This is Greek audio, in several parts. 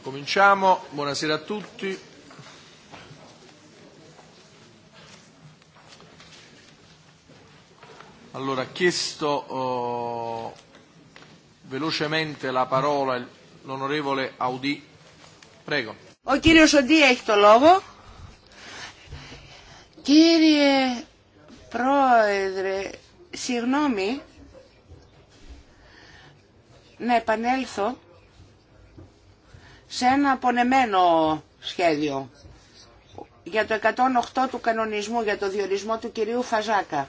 cominciamo. Buonasera a tutti. Allora, chiesto velocemente la parola l'onorevole Audi. Prego. Ο κύριο Οντί έχει το λόγο. Κύριε Πρόεδρε, συγγνώμη να επανέλθω σε ένα απονεμένο σχέδιο για το 108 του κανονισμού για το διορισμό του κυρίου Φαζάκα.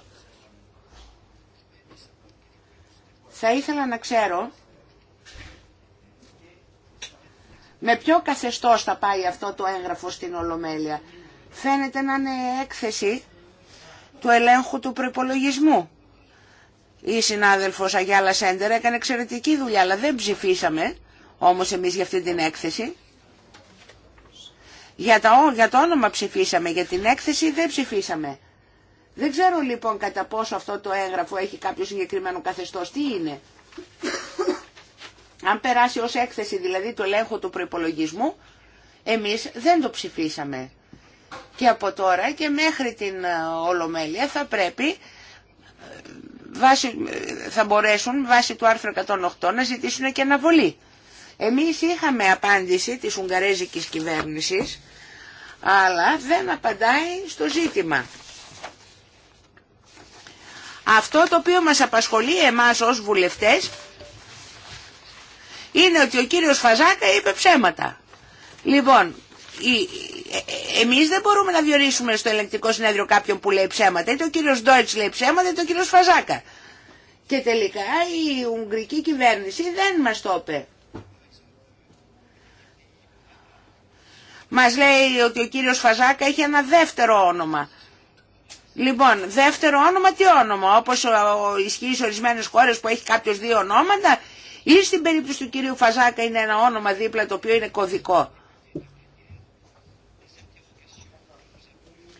Θα ήθελα να ξέρω με ποιο καθεστώς θα πάει αυτό το έγγραφο στην Ολομέλεια. Φαίνεται να είναι έκθεση του ελέγχου του προπολογισμού. Η συνάδελφος Αγιάλα Σέντερ έκανε εξαιρετική δουλειά, αλλά δεν ψηφίσαμε όμως εμείς για αυτή την έκθεση. Για, τα, για το όνομα ψηφίσαμε, για την έκθεση δεν ψηφίσαμε. Δεν ξέρω λοιπόν κατά πόσο αυτό το έγγραφο έχει κάποιο συγκεκριμένο καθεστώς. Τι είναι. Αν περάσει ως έκθεση δηλαδή το ελέγχο του προϋπολογισμού, εμείς δεν το ψηφίσαμε. Και από τώρα και μέχρι την ε, Ολομέλεια θα πρέπει, ε, ε, θα μπορέσουν βάσει του άρθρου 108 να ζητήσουν και αναβολή. Εμείς είχαμε απάντηση της Ουγγαρέζικης κυβέρνησης, αλλά δεν απαντάει στο ζήτημα. Αυτό το οποίο μας απασχολεί εμάς ως βουλευτές είναι ότι ο κύριος Φαζάκα είπε ψέματα. Λοιπόν, ε, εμείς δεν μπορούμε να διορίσουμε στο ελεγκτικό συνέδριο κάποιον που λέει ψέματα. Είτε ο κύριος Ντόιτς λέει ψέματα, είτε ο κύριος Φαζάκα. Και τελικά η Ουγγρική κυβέρνηση δεν μας το είπε. Μας λέει ότι ο κύριος Φαζάκα έχει ένα δεύτερο όνομα. Λοιπόν, δεύτερο όνομα τι όνομα, όπως ισχύει σε ορισμένες χώρες που έχει κάποιος δύο ονόματα ή στην περίπτωση του κυρίου Φαζάκα είναι ένα όνομα δίπλα το οποίο είναι κωδικό.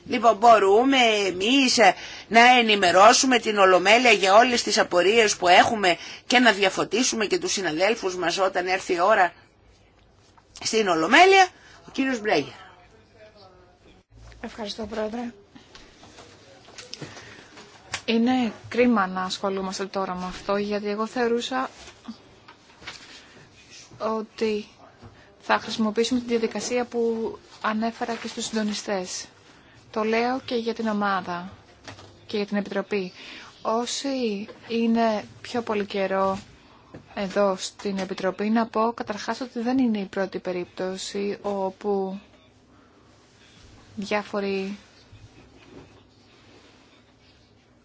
Λοιπόν, μπορούμε εμείς να ενημερώσουμε την Ολομέλεια για όλες τις απορίες που έχουμε και να διαφωτίσουμε και τους συναδέλφους μας όταν έρθει η ώρα στην Ολομέλεια. Κύριος Μπρέγερ. Ευχαριστώ, Πρόεδρε. Είναι κρίμα να ασχολούμαστε τώρα με αυτό, γιατί εγώ θεωρούσα ότι θα χρησιμοποιήσουμε τη διαδικασία που ανέφερα και στους συντονιστές. Το λέω και για την ομάδα και για την Επιτροπή. Όσοι είναι πιο πολύ καιρό εδώ στην Επιτροπή να πω καταρχάς ότι δεν είναι η πρώτη περίπτωση όπου διάφοροι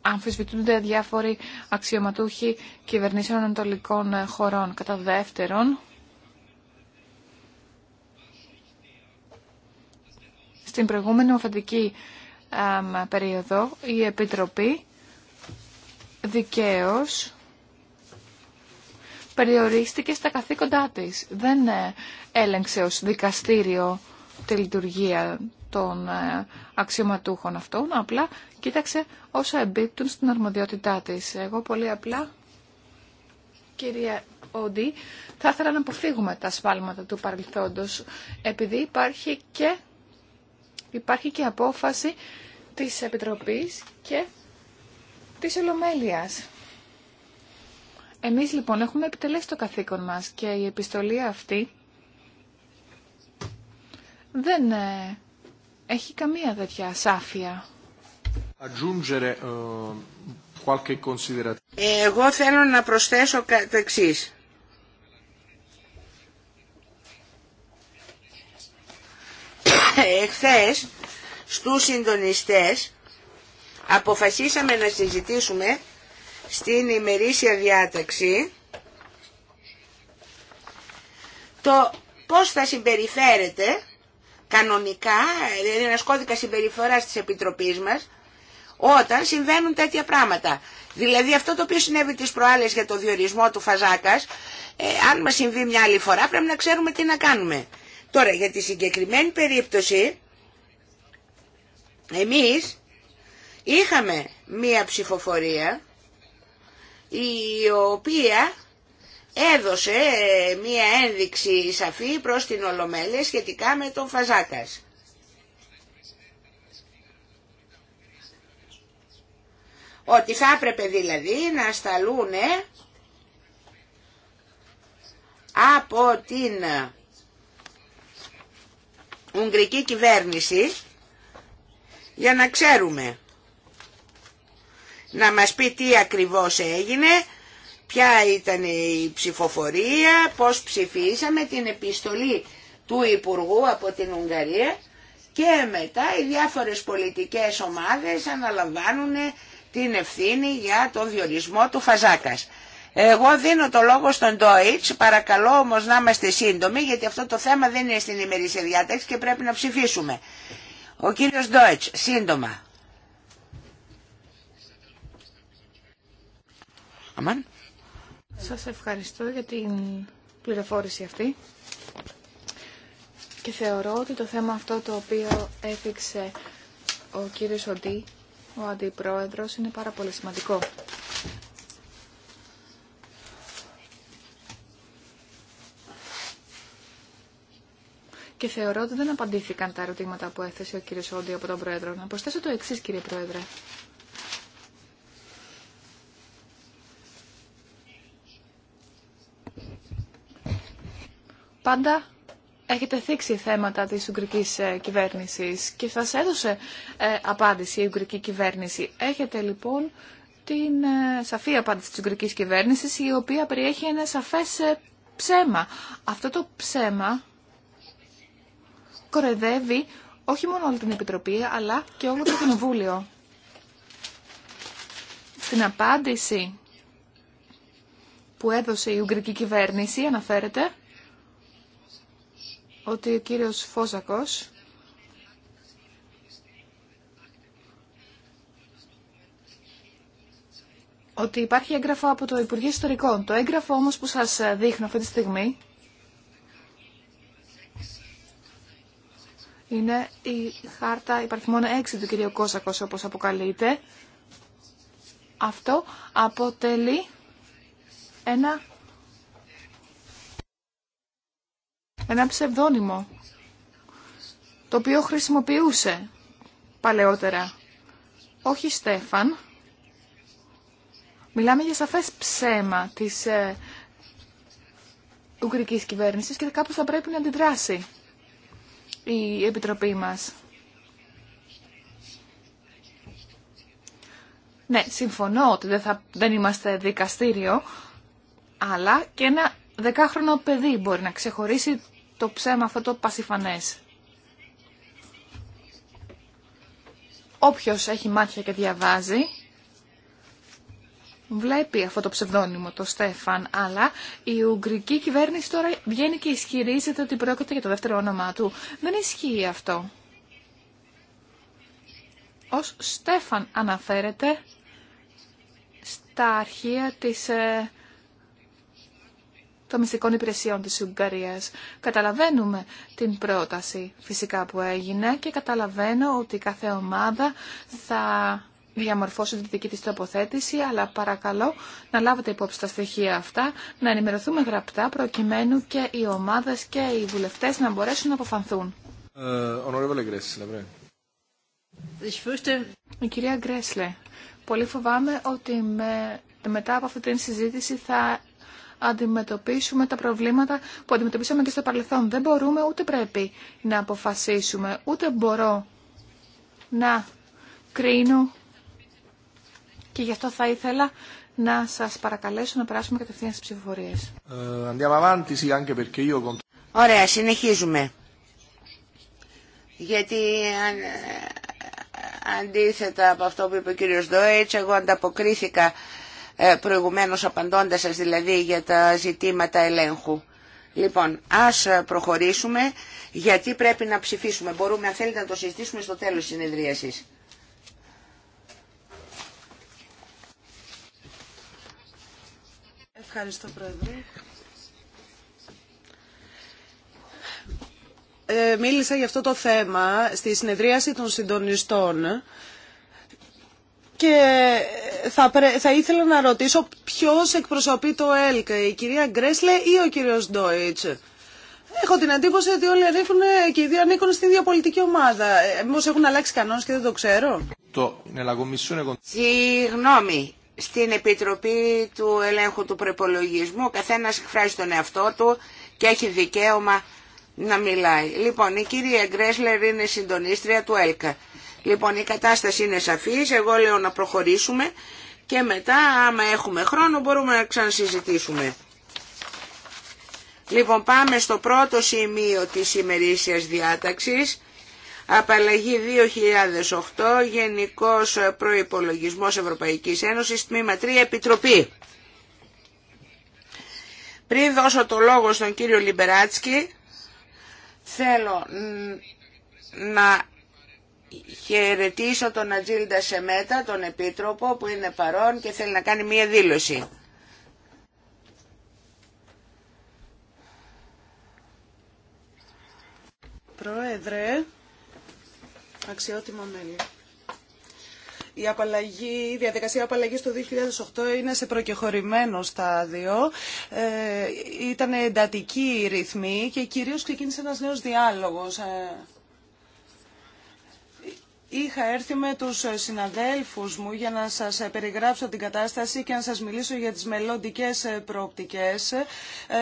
αμφισβητούνται διάφοροι αξιωματούχοι κυβερνήσεων ανατολικών χωρών. Κατά δεύτερον, στην προηγούμενη οφαντική περίοδο η Επιτροπή δικαίως περιορίστηκε στα καθήκοντά της. Δεν ε, έλεγξε ως δικαστήριο τη λειτουργία των ε, αξιωματούχων αυτών, απλά κοίταξε όσα εμπίπτουν στην αρμοδιότητά της. Εγώ πολύ απλά, κυρία Όντι, θα ήθελα να αποφύγουμε τα σφάλματα του παρελθόντος, επειδή υπάρχει και, υπάρχει και απόφαση της Επιτροπής και της Ολομέλειας εμείς λοιπόν έχουμε επιτελέσει το καθήκον μας και η επιστολή αυτή δεν ε, έχει καμία τέτοια σάφια. Ε, Εγώ θέλω να προσθέσω το εξή. Εχθές στους συντονιστές αποφασίσαμε να συζητήσουμε στην ημερήσια διάταξη το πώς θα συμπεριφέρεται κανονικά, δηλαδή ένας κώδικα συμπεριφοράς της Επιτροπής μας, όταν συμβαίνουν τέτοια πράγματα. Δηλαδή αυτό το οποίο συνέβη τις προάλλες για το διορισμό του Φαζάκας, ε, αν μας συμβεί μια άλλη φορά πρέπει να ξέρουμε τι να κάνουμε. Τώρα για τη συγκεκριμένη περίπτωση, εμείς είχαμε μια ψηφοφορία η οποία έδωσε μία ένδειξη σαφή προς την Ολομέλεια σχετικά με τον Φαζάκας. Ότι θα έπρεπε δηλαδή να σταλούνε από την Ουγγρική κυβέρνηση για να ξέρουμε να μας πει τι ακριβώς έγινε, ποια ήταν η ψηφοφορία, πώς ψηφίσαμε την επιστολή του Υπουργού από την Ουγγαρία και μετά οι διάφορες πολιτικές ομάδες αναλαμβάνουν την ευθύνη για τον διορισμό του Φαζάκας. Εγώ δίνω το λόγο στον Ντόιτς, παρακαλώ όμως να είμαστε σύντομοι γιατί αυτό το θέμα δεν είναι στην ημερήσια διάταξη και πρέπει να ψηφίσουμε. Ο κύριος Ντόιτς, σύντομα. Αμάν. Σας ευχαριστώ για την πληροφόρηση αυτή. Και θεωρώ ότι το θέμα αυτό το οποίο έφυξε ο κύριος Οντή, ο Αντιπρόεδρος, είναι πάρα πολύ σημαντικό. Και θεωρώ ότι δεν απαντήθηκαν τα ερωτήματα που έθεσε ο κύριος Όντι από τον Πρόεδρο. Να προσθέσω το εξή κύριε Πρόεδρε. πάντα έχετε θίξει θέματα της Ουγγρικής ε, κυβέρνησης και σας έδωσε ε, απάντηση η Ουγγρική κυβέρνηση. Έχετε λοιπόν την ε, σαφή απάντηση της Ουγγρικής κυβέρνησης η οποία περιέχει ένα σαφές ψέμα. Αυτό το ψέμα κορεδεύει όχι μόνο όλη την Επιτροπή αλλά και όλο το Κοινοβούλιο. Στην απάντηση που έδωσε η Ουγγρική κυβέρνηση αναφέρεται ότι ο κύριος Φόσακος ότι υπάρχει έγγραφο από το Υπουργείο Ιστορικών. Το έγγραφο όμως που σας δείχνω αυτή τη στιγμή είναι η χάρτα υπαρθμών έξι του κυρίου Κόσακος όπως αποκαλείται. Αυτό αποτελεί ένα ένα ψευδόνυμο το οποίο χρησιμοποιούσε παλαιότερα. Όχι Στέφαν. Μιλάμε για σαφές ψέμα της ε, Ουγγρικής κυβέρνησης και κάπως θα πρέπει να αντιδράσει η Επιτροπή μας. Ναι, συμφωνώ ότι δεν, θα, δεν είμαστε δικαστήριο, αλλά και ένα δεκάχρονο παιδί μπορεί να ξεχωρίσει το ψέμα αυτό το πασιφανές. Όποιος έχει μάτια και διαβάζει, βλέπει αυτό το ψευδόνυμο, το Στέφαν, αλλά η Ουγγρική κυβέρνηση τώρα βγαίνει και ισχυρίζεται ότι πρόκειται για το δεύτερο όνομά του. Δεν ισχύει αυτό. Ως Στέφαν αναφέρεται στα αρχεία της ε, των μυστικών υπηρεσιών της Ουγγαρίας. Καταλαβαίνουμε την πρόταση φυσικά που έγινε και καταλαβαίνω ότι κάθε ομάδα θα διαμορφώσει τη δική της τοποθέτηση, αλλά παρακαλώ να λάβετε υπόψη τα στοιχεία αυτά, να ενημερωθούμε γραπτά προκειμένου και οι ομάδες και οι βουλευτές να μπορέσουν να αποφανθούν. Ε, ναι. Η κυρία Γκρέσλε, πολύ φοβάμαι ότι με, μετά από αυτή την συζήτηση θα αντιμετωπίσουμε τα προβλήματα που αντιμετωπίσαμε και στο παρελθόν. Δεν μπορούμε ούτε πρέπει να αποφασίσουμε, ούτε μπορώ να κρίνω και γι' αυτό θα ήθελα να σας παρακαλέσω να περάσουμε κατευθείαν στις ψηφοφορίες. Ε, Ωραία, συνεχίζουμε. Γιατί αν, ε, αντίθετα από αυτό που είπε ο κύριος Δόιτς εγώ ανταποκρίθηκα ε, προηγουμένως απαντώντας σας δηλαδή για τα ζητήματα ελέγχου. Λοιπόν, ας ε, προχωρήσουμε γιατί πρέπει να ψηφίσουμε. Μπορούμε αν θέλετε να το συζητήσουμε στο τέλος της συνεδρίασης. Ευχαριστώ Πρόεδρε. Ε, μίλησα για αυτό το θέμα στη συνεδρίαση των συντονιστών και θα, ήθελα να ρωτήσω ποιος εκπροσωπεί το ΕΛΚ, η κυρία Γκρέσλε ή ο κύριος Ντόιτς. Έχω την εντύπωση ότι όλοι ανήκουν και οι δύο ανήκουν στην ίδια πολιτική ομάδα. Ε, μήπως έχουν αλλάξει κανόνες και δεν το ξέρω. Το... Ναι, Συγγνώμη, στην Επιτροπή του Ελέγχου του Προπολογισμού ο καθένας εκφράζει τον εαυτό του και έχει δικαίωμα να μιλάει. Λοιπόν, η κυρία Γκρέσλερ είναι συντονίστρια του ΕΛΚΑ. Λοιπόν, η κατάσταση είναι σαφής, εγώ λέω να προχωρήσουμε και μετά άμα έχουμε χρόνο μπορούμε να ξανασυζητήσουμε. Λοιπόν, πάμε στο πρώτο σημείο της ημερήσιας διάταξης. Απαλλαγή 2008, Γενικός Προϋπολογισμός Ευρωπαϊκής Ένωσης, Τμήμα 3, Επιτροπή. Πριν δώσω το λόγο στον κύριο Λιμπεράτσκι, θέλω να χαιρετήσω τον Ατζίλντα Σεμέτα, τον Επίτροπο που είναι παρόν και θέλει να κάνει μία δήλωση. Πρόεδρε, αξιότιμα μέλη. Η, απαλλαγή, διαδικασία απαλλαγή του 2008 είναι σε προκεχωρημένο στάδιο. Ε, ήταν εντατική η ρυθμή και κυρίως ξεκίνησε ένας νέος διάλογος. Ε, Είχα έρθει με τους συναδέλφους μου για να σας περιγράψω την κατάσταση και να σας μιλήσω για τις μελλοντικέ προοπτικές ε,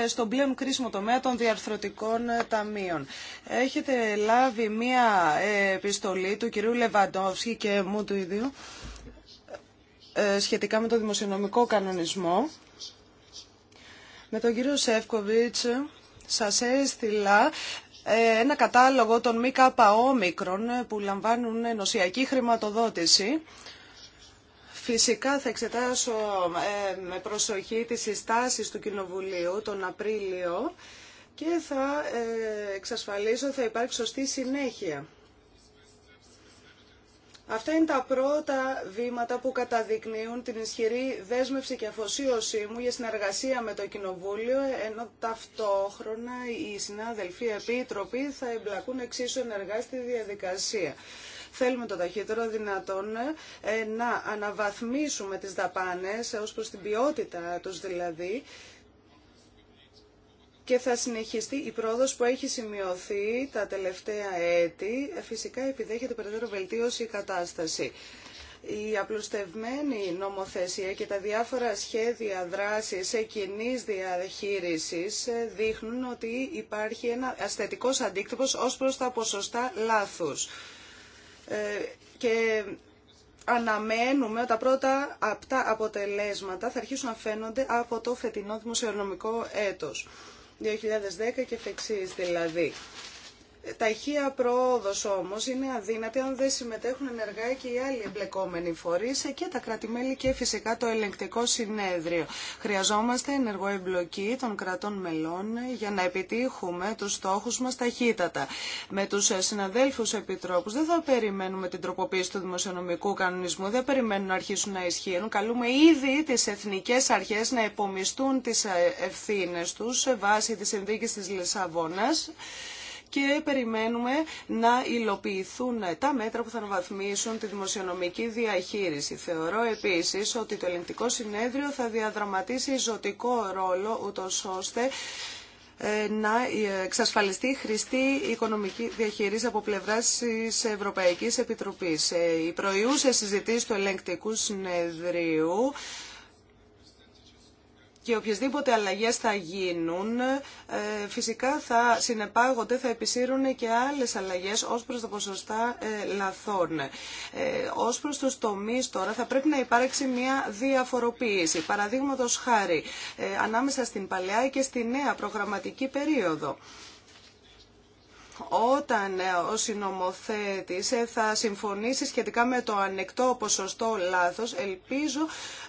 στον πλέον κρίσιμο τομέα των διαρθρωτικών ε, ταμείων. Έχετε λάβει μία ε, επιστολή του κυρίου Λεβαντόφσκη και μου του ίδιου σχετικά με το δημοσιονομικό κανονισμό. Με τον κύριο Σεύκοβιτς σας έστειλα ένα κατάλογο των μη μικρών που λαμβάνουν νοσιακή χρηματοδότηση. Φυσικά θα εξετάσω ε, με προσοχή τις συστάσεις του Κοινοβουλίου τον Απρίλιο και θα ε, εξασφαλίσω θα υπάρξει σωστή συνέχεια. Αυτά είναι τα πρώτα βήματα που καταδεικνύουν την ισχυρή δέσμευση και αφοσίωσή μου για συνεργασία με το Κοινοβούλιο, ενώ ταυτόχρονα οι συνάδελφοι επίτροποι θα εμπλακούν εξίσου ενεργά στη διαδικασία. Θέλουμε το ταχύτερο δυνατόν ε, να αναβαθμίσουμε τις δαπάνες ε, ως προς την ποιότητα τους δηλαδή και θα συνεχιστεί η πρόοδος που έχει σημειωθεί τα τελευταία έτη. Φυσικά επιδέχεται περαιτέρω βελτίωση η κατάσταση. Η απλουστευμένη νομοθεσία και τα διάφορα σχέδια δράσης κοινή διαχείριση δείχνουν ότι υπάρχει ένα ασθετικός αντίκτυπος ως προς τα ποσοστά λάθους. Ε, και αναμένουμε ότι τα πρώτα αυτά αποτελέσματα θα αρχίσουν να φαίνονται από το φετινό δημοσιονομικό έτος. 2010 και εξής δηλαδή. Ταχεία προόδο όμω είναι αδύνατη αν δεν συμμετέχουν ενεργά και οι άλλοι εμπλεκόμενοι φορεί και τα κρατημέλη και φυσικά το ελεγκτικό συνέδριο. Χρειαζόμαστε ενεργό εμπλοκή των κρατών μελών για να επιτύχουμε τους στόχους μας ταχύτατα. Με του συναδέλφου επιτρόπου, δεν θα περιμένουμε την τροποποίηση του δημοσιονομικού κανονισμού, δεν περιμένουν να αρχίσουν να ισχύουν. Καλούμε ήδη τι εθνικέ αρχέ να υπομιστούν τι ευθύνε του σε βάση τη τη Λισαβόνα και περιμένουμε να υλοποιηθούν τα μέτρα που θα αναβαθμίσουν τη δημοσιονομική διαχείριση. Θεωρώ επίσης ότι το ελεγκτικό συνέδριο θα διαδραματίσει ζωτικό ρόλο ούτως ώστε ε, να ε, εξασφαλιστεί χρηστή οικονομική διαχείριση από πλευρά τη Ευρωπαϊκή Επιτροπή. Ε, οι προϊούσε συζητήσει του ελεγκτικού συνεδρίου και οποιασδήποτε αλλαγές θα γίνουν ε, φυσικά θα συνεπάγονται, θα επισύρουν και άλλες αλλαγές ως προς τα ποσοστά ε, λαθών. Ε, ως προς τους τομείς τώρα θα πρέπει να υπάρξει μια διαφοροποίηση. Παραδείγματος χάρη ανάμεσα στην παλαιά και στη νέα προγραμματική περίοδο όταν ε, ο συνομοθέτης ε, θα συμφωνήσει σχετικά με το ανεκτό ποσοστό λάθος, ελπίζω,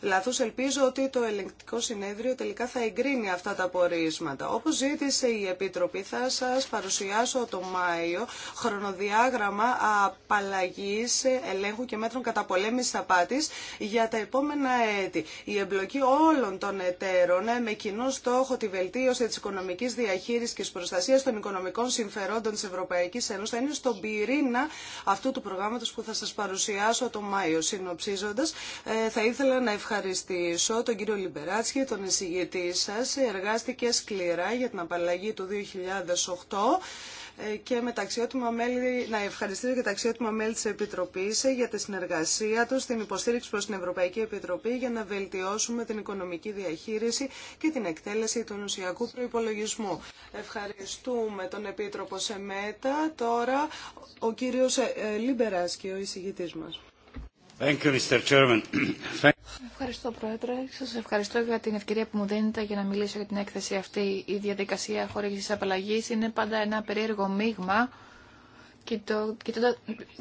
λάθος, ελπίζω ότι το ελεγκτικό συνέδριο τελικά θα εγκρίνει αυτά τα πορίσματα. Όπως ζήτησε η Επιτροπή, θα σας παρουσιάσω το Μάιο χρονοδιάγραμμα απαλλαγής ε, ελέγχου και μέτρων καταπολέμησης απάτης για τα επόμενα έτη. Η εμπλοκή όλων των εταίρων με κοινό στόχο τη βελτίωση της οικονομικής διαχείρισης και της προστασίας των οικονομικών συμφερόντων τη Ευρωπαϊκής Ένωση, θα είναι στον πυρήνα αυτού του προγράμματο που θα σας παρουσιάσω το Μάιο. Συνοψίζοντας, ε, θα ήθελα να ευχαριστήσω τον κύριο Λιμπεράτσχη, τον εισηγητή σας. Εργάστηκε σκληρά για την απαλλαγή του 2008 ε, και με μέλη, να ευχαριστήσω και τα αξιότιμα μέλη της Επιτροπής ε, για τη συνεργασία τους, την υποστήριξη προς την Ευρωπαϊκή Επιτροπή για να βελτιώσουμε την οικονομική διαχείριση και την εκτέλεση του νοσιακού προϋπολογισμού. Ευχαριστούμε τον Επίτροπο Σεμέτα. Τώρα ο κύριος ε, και ο εισηγητής μας. Ευχαριστώ, Πρόεδρε. Σα ευχαριστώ για την ευκαιρία που μου δίνετε για να μιλήσω για την έκθεση αυτή. Η διαδικασία χορήγηση απαλλαγή είναι πάντα ένα περίεργο μείγμα.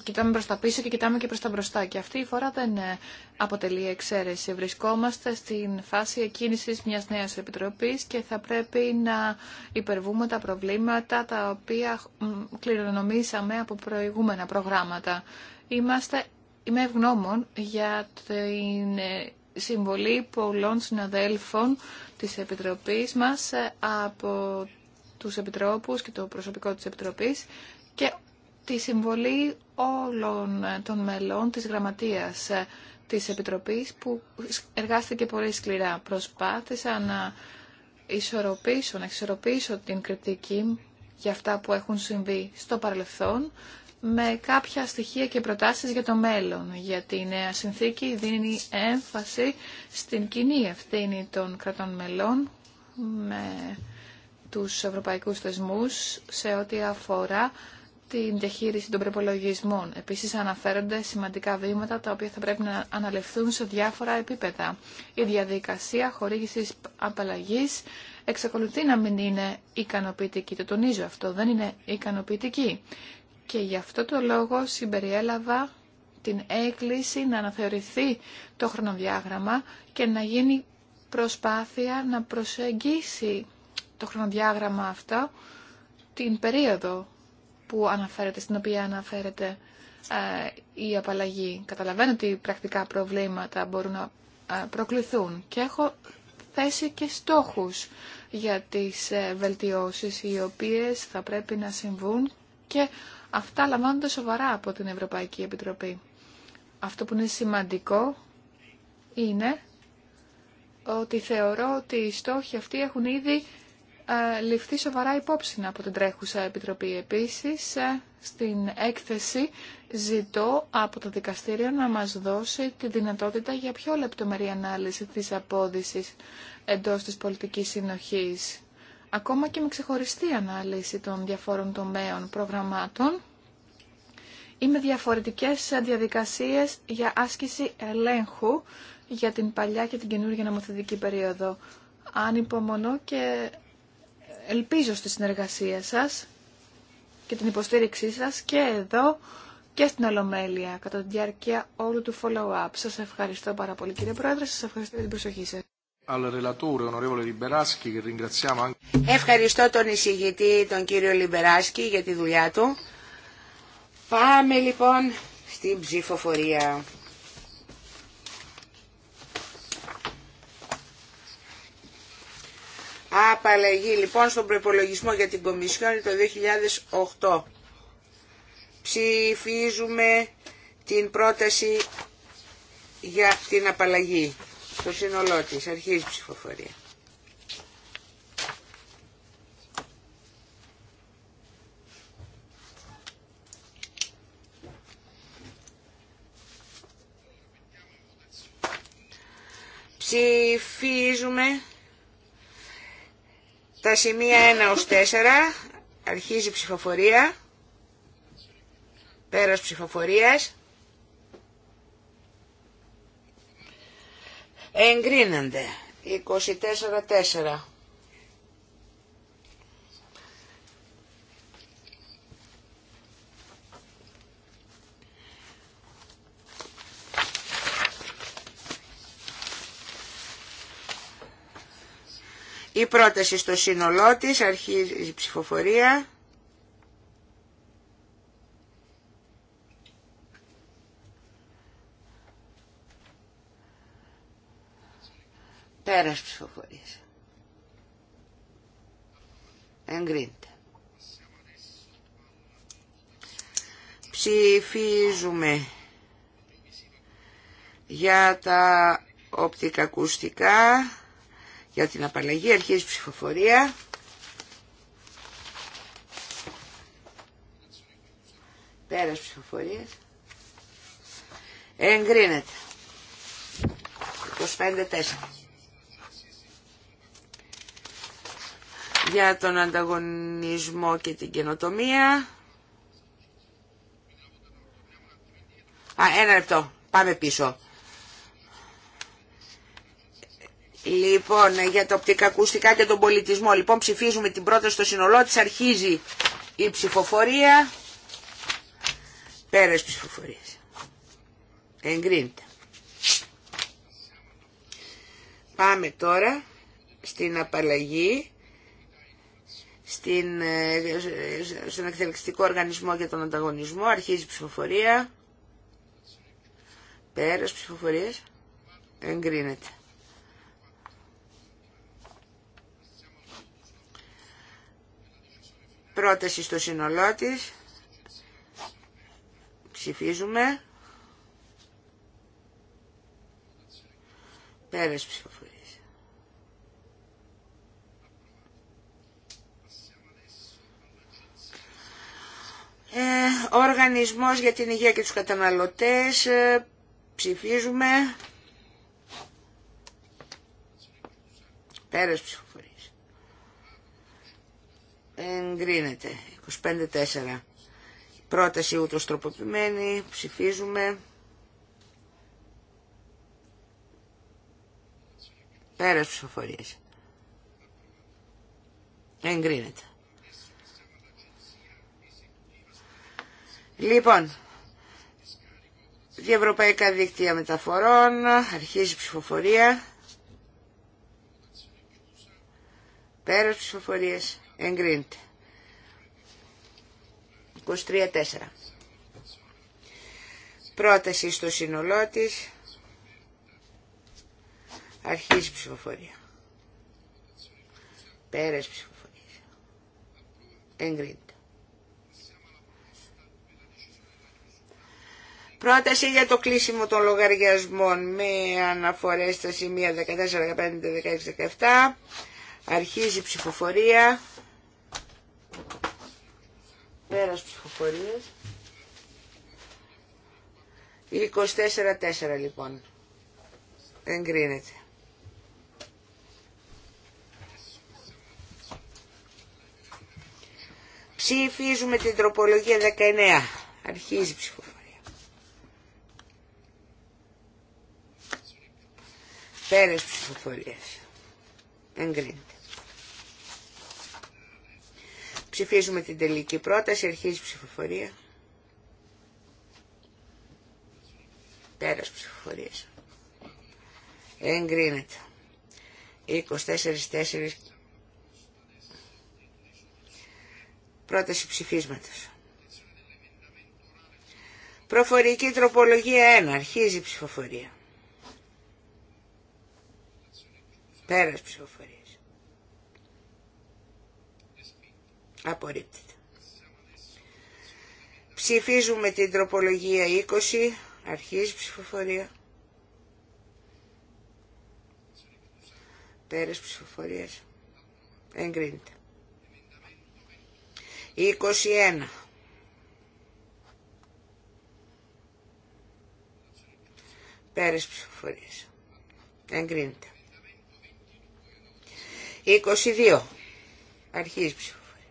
κοιτάμε προ τα πίσω και κοιτάμε και προ τα μπροστά. Και αυτή η φορά δεν ε, αποτελεί εξαίρεση. Βρισκόμαστε στην φάση εκκίνηση μια νέα επιτροπή και θα πρέπει να υπερβούμε τα προβλήματα τα οποία κληρονομήσαμε από προηγούμενα προγράμματα. Είμαστε Είμαι ευγνώμων για την ε, συμβολή πολλών συναδέλφων της Επιτροπής μας ε, από τους Επιτρόπους και το προσωπικό της Επιτροπής και τη συμβολή όλων ε, των μελών της Γραμματείας της Επιτροπής που εργάστηκε πολύ σκληρά. Προσπάθησα να ισορροπήσω, να εξορροπήσω την κριτική για αυτά που έχουν συμβεί στο παρελθόν με κάποια στοιχεία και προτάσεις για το μέλλον, γιατί η νέα συνθήκη δίνει έμφαση στην κοινή ευθύνη των κρατών μελών με τους ευρωπαϊκούς θεσμούς σε ό,τι αφορά την διαχείριση των προπολογισμών. Επίσης αναφέρονται σημαντικά βήματα τα οποία θα πρέπει να αναλευθούν σε διάφορα επίπεδα. Η διαδικασία χορήγησης απαλλαγής εξακολουθεί να μην είναι ικανοποιητική. Το τονίζω αυτό, δεν είναι ικανοποιητική. Και γι' αυτό το λόγο συμπεριέλαβα την έκκληση να αναθεωρηθεί το χρονοδιάγραμμα και να γίνει προσπάθεια να προσεγγίσει το χρονοδιάγραμμα αυτό την περίοδο που αναφέρεται, στην οποία αναφέρεται ε, η απαλλαγή. Καταλαβαίνω ότι πρακτικά προβλήματα μπορούν να ε, προκληθούν και έχω θέσει και στόχους για τις ε, βελτιώσεις οι οποίες θα πρέπει να συμβούν και Αυτά λαμβάνονται σοβαρά από την Ευρωπαϊκή Επιτροπή. Αυτό που είναι σημαντικό είναι ότι θεωρώ ότι οι στόχοι αυτοί έχουν ήδη ε, ληφθεί σοβαρά υπόψη από την τρέχουσα Επιτροπή. Επίσης, ε, στην έκθεση ζητώ από το δικαστήριο να μας δώσει τη δυνατότητα για πιο λεπτομερή ανάλυση της απόδυσης εντός της πολιτικής συνοχής ακόμα και με ξεχωριστή ανάλυση των διαφόρων τομέων προγραμμάτων ή με διαφορετικές διαδικασίες για άσκηση ελέγχου για την παλιά και την καινούργια νομοθετική περίοδο. Ανυπομονώ και ελπίζω στη συνεργασία σας και την υποστήριξή σας και εδώ και στην Ολομέλεια κατά τη διάρκεια όλου του follow-up. Σας ευχαριστώ πάρα πολύ κύριε Πρόεδρε, σας ευχαριστώ για την προσοχή σας. Ευχαριστώ τον εισηγητή, τον κύριο Λιμπεράσκη, για τη δουλειά του. Πάμε λοιπόν στην ψηφοφορία. Απαλλαγή λοιπόν στον προπολογισμό για την Κομισιόν το 2008. Ψηφίζουμε την πρόταση για την απαλλαγή στο σύνολό της, η ψηφοφορία. Ψηφίζουμε τα σημεία 1 ως 4, αρχίζει η ψηφοφορία, πέρας ψηφοφορίας. εγκρίνονται 24-4 Η πρόταση στο σύνολό της αρχίζει η ψηφοφορία. Πέρας ψηφοφορίας. Εγκρίνεται. Ψηφίζουμε για τα όπτικα οπτικακουστικά, για την απαλλαγή αρχής ψηφοφορία. Πέρας ψηφοφορίας. Εγκρίνεται. 25-4. για τον ανταγωνισμό και την καινοτομία. Α, ένα λεπτό. Πάμε πίσω. Λοιπόν, για το οπτικά ακουστικά και τον πολιτισμό. Λοιπόν, ψηφίζουμε την πρόταση στο σύνολό της. Αρχίζει η ψηφοφορία. Πέρας ψηφοφορίας. Εγκρίνεται. Πάμε τώρα στην απαλλαγή ε, στον εκτελεστικό οργανισμό για τον ανταγωνισμό. Αρχίζει η ψηφοφορία. Πέρας ψηφοφορίες. Εγκρίνεται. Πρόταση στο σύνολό της. Ψηφίζουμε. Πέρας ψηφοφορίες. Ε, οργανισμός για την Υγεία και τους Καταναλωτές. Ε, ψηφίζουμε. πέρας ψηφοφορίας. Εγκρίνεται. 25-4. Πρόταση ούτως τροποποιημένη. Ψηφίζουμε. Πέρας ψηφοφορίες, Εγκρίνεται. Λοιπόν, διευρωπαϊκά δίκτυα μεταφορών, αρχίζει η ψηφοφορία. Πέρας ψηφοφορίες, εγκρίνεται. 23-4. Πρόταση στο σύνολό τη. Αρχίζει ψηφοφορία. Πέρας ψηφοφορία. Εγκρίνεται. Πρόταση για το κλείσιμο των λογαριασμών με αναφορές στα σημεία 14, 15, 16, 17. Αρχίζει η ψηφοφορία. Πέρας ψηφοφορίας. 24-4 λοιπόν. Εγκρίνεται. Ψηφίζουμε την τροπολογία 19. Αρχίζει η ψηφοφορία. Πέρας της ψηφοφορίας. Εγκρίνεται. Ψηφίζουμε την τελική πρόταση, αρχίζει η ψηφοφορία. Πέρας ψηφοφορίας. Εγκρίνεται. 24-4 πρόταση ψηφίσματος. Προφορική τροπολογία 1. Αρχίζει η ψηφοφορία. Πέρας ψηφοφορίας. Απορρίπτεται. Ψηφίζουμε την τροπολογία 20. Αρχίζει ψηφοφορία. Πέρας ψηφοφορίας. Εγκρίνεται. 21. Πέρας ψηφοφορίες. Εγκρίνεται. 22. Αρχίζει ψηφοφορία.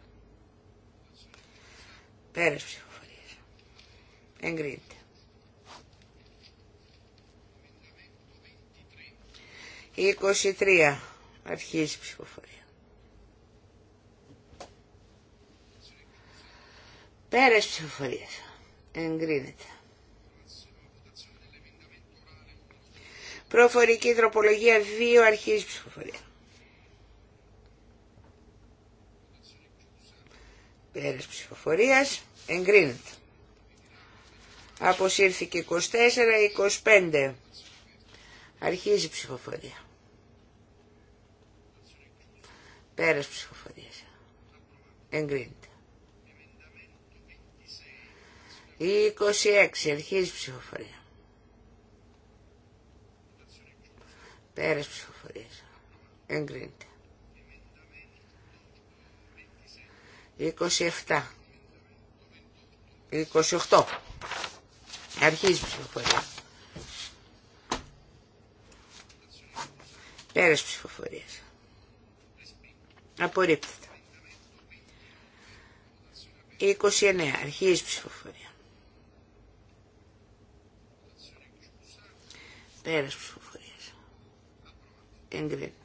Πέρας ψηφοφορίας. Εγκρίνεται. 23. Αρχίζει ψηφοφορία. Πέρας ψηφοφορίας. Εγκρίνεται. Προφορική τροπολογία 2 αρχίζει ψηφοφορία. Πέρας ψηφοφορίας. Εγκρίνεται. Αποσύρθηκε 24-25. Αρχίζει ψηφοφορία. Πέρας ψηφοφορίας. Εγκρίνεται. 26. Αρχίζει ψηφοφορία. Πέρας ψηφοφορίας. Εγκρίνεται. 27. 28. Αρχίζει η ψηφοφορία. Πέρας ψηφοφορίας. Απορρίπτεται. 29. Αρχίζει η ψηφοφορία. Πέρας ψηφοφορίας. Εγκρίνεται.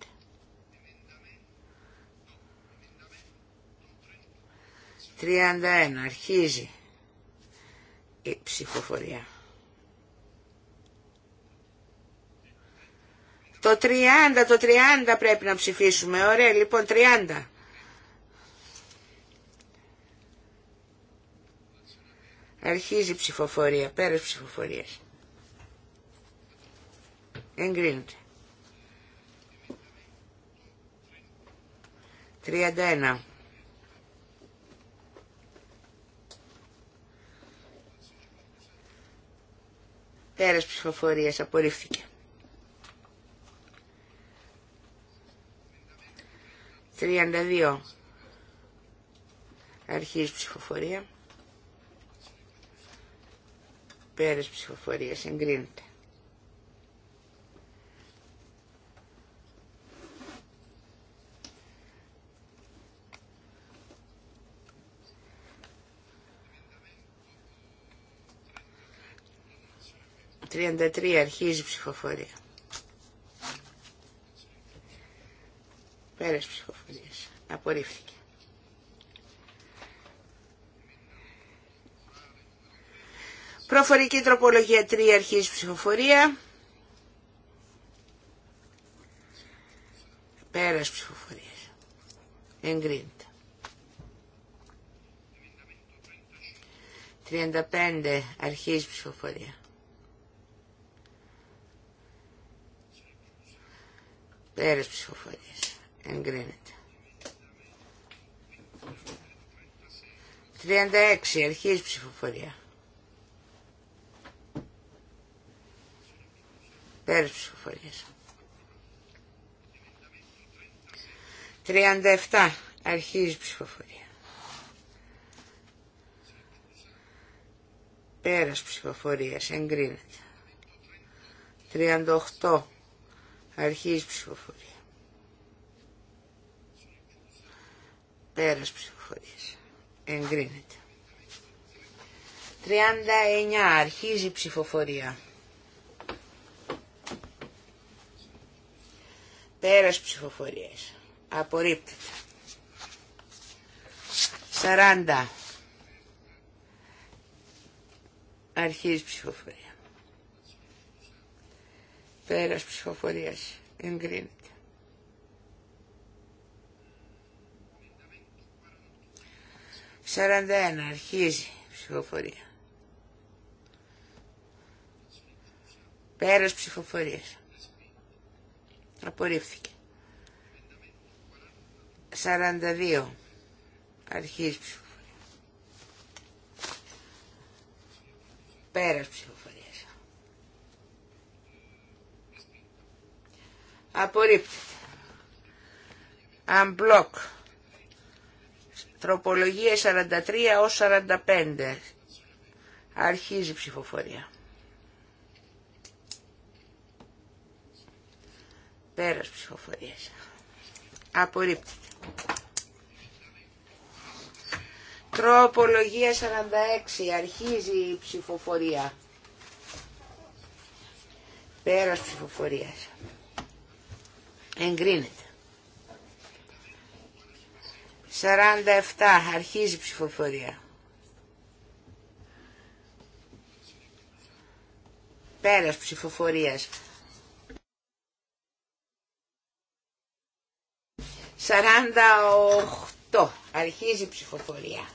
31. Αρχίζει η ψηφοφορία. Το 30, το 30 πρέπει να ψηφίσουμε. Ωραία, λοιπόν, 30. Αρχίζει η ψηφοφορία, πέρας ψηφοφορίας. Εγκρίνεται. 31. Πέρας ψηφοφορίας απορρίφθηκε. 32. Αρχής ψηφοφορία. Πέρας ψηφοφορίας εγκρίνεται. 33 αρχίζει η ψηφοφορία. Πέρας ψηφοφορίας. Απορρίφθηκε. Προφορική τροπολογία 3 αρχίζει ψηφοφορία. Πέρας ψηφοφορίας. Εγκρίνεται. 35 αρχίζει ψηφοφορία. Πέρες ψηφοφορίες Εγκρίνεται. 36. Αρχής ψηφοφορία. Πέρες ψηφοφορίας. 37. αρχίζει ψηφοφορία. Πέρας ψηφοφορίας. Εγκρίνεται. 38. Αρχής ψηφοφορία. Πέρας ψηφοφορίας. Εγκρίνεται. 39. Αρχίζει η ψηφοφορία. Πέρας ψηφοφορίας. Απορρίπτεται. 40. Αρχίζει ψηφοφορία. Πέρας ψηφοφορίας. Εγκρίνεται. Σαρανταένα, Αρχίζει η ψηφοφορία. Πέρας ψηφοφορίας. Απορρίφθηκε. 42. Αρχίζει ψηφοφορία. Πέρας ψηφοφορία. Απορρίπτεται. Unblock. Τροπολογία 43 ως 45. Αρχίζει η ψηφοφορία. Πέρας ψηφοφορίας. Απορρίπτεται. Τροπολογία 46. Αρχίζει η ψηφοφορία. Πέρας ψηφοφορίας. Εγκρίνεται. 47. Αρχίζει η ψηφοφορία. Πέρας ψηφοφορίας. 48. Αρχίζει η ψηφοφορία.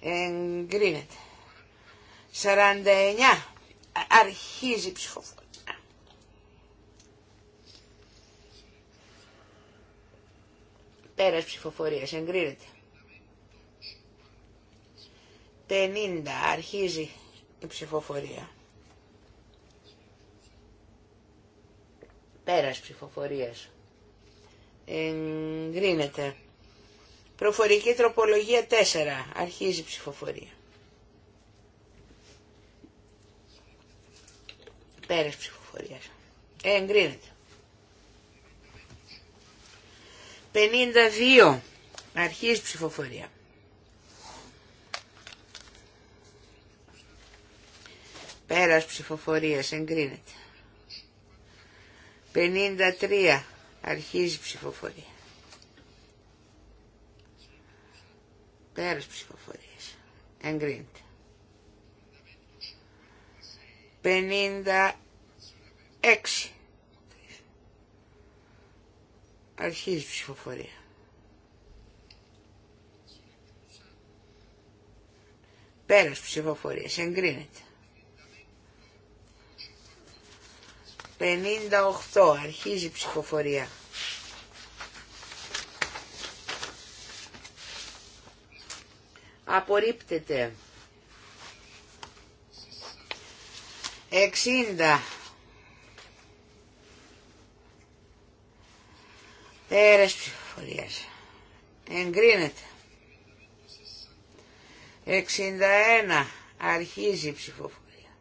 Εγκρίνεται. 49. Αρχίζει η ψηφοφορία. Πέρας ψηφοφορία. Εγκρίνεται. 50. Αρχίζει η ψηφοφορία. Πέρα ψηφοφορία. Εγκρίνεται. Προφορική τροπολογία 4. Αρχίζει η ψηφοφορία. Πέρα ψηφοφορία. εγκρίνεται. 52. Αρχής ψηφοφορία. Πέρας ψηφοφορίας εγκρίνεται. 53. Αρχίζει ψηφοφορία. Πέρας ψηφοφορίας. Εγκρίνεται. 56. Αρχίζει η ψηφοφορία. Πέρας ψηφοφορία. Εγκρίνεται. 58. Αρχίζει η ψηφοφορία. Απορρίπτεται. 60. Πέρας ψηφοφορίας. Εγκρίνεται. 61. Αρχίζει η ψηφοφορία.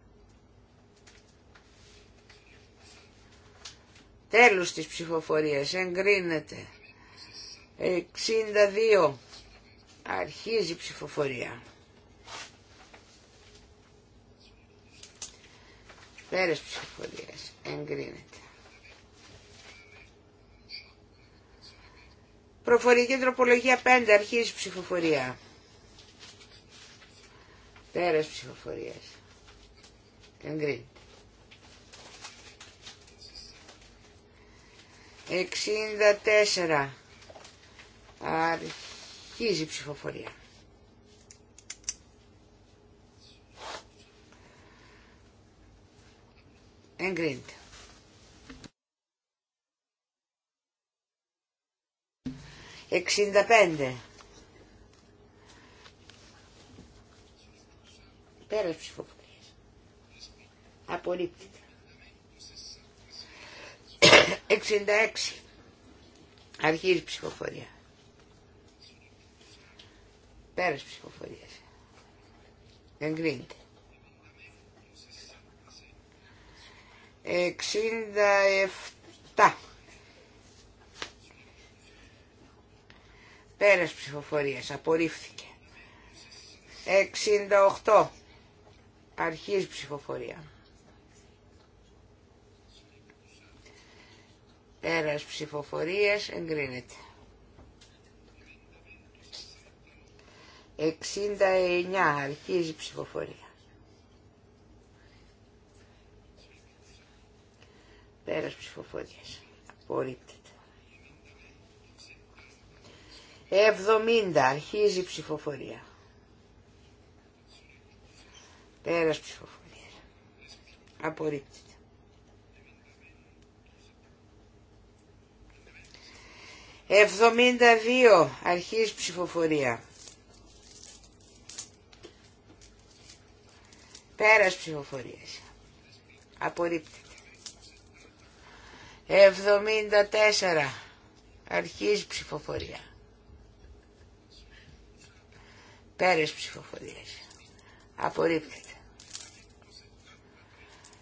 Τέλος της ψηφοφορίας. Εγκρίνεται. 62. Αρχίζει η ψηφοφορία. Τέρες ψηφοφορίας. Εγκρίνεται. Προφορική τροπολογία 5 αρχίζει ψηφοφορία. Τέρας ψηφοφορίας. Εγκρίνεται. 64. Αρχίζει η ψηφοφορία. Εγκρίνεται. 65. Πέρας ψηφοφορία. Απορρίπτεται. 66. Αρχίζει η ψηφοφορία. Πέρας ψηφοφορίας. Εγκρίνεται. 67. Πέρας ψηφοφορίας. Απορρίφθηκε. 68. Αρχίζει ψηφοφορία. Πέρας ψηφοφορίας εγκρίνεται. 69. Αρχίζει ψηφοφορία. Πέρας ψηφοφορίας. Απορρίπτεται. 70 αρχίζει η ψηφοφορία. Πέρας ψηφοφορία. Απορρίπτεται. δύο αρχίζει ψηφοφορία. Πέρας ψηφοφορίας. Απορρίπτεται. τέσσερα αρχίζει ψηφοφορία. Πέρες ψηφοφορίες. Απορρίπτεται.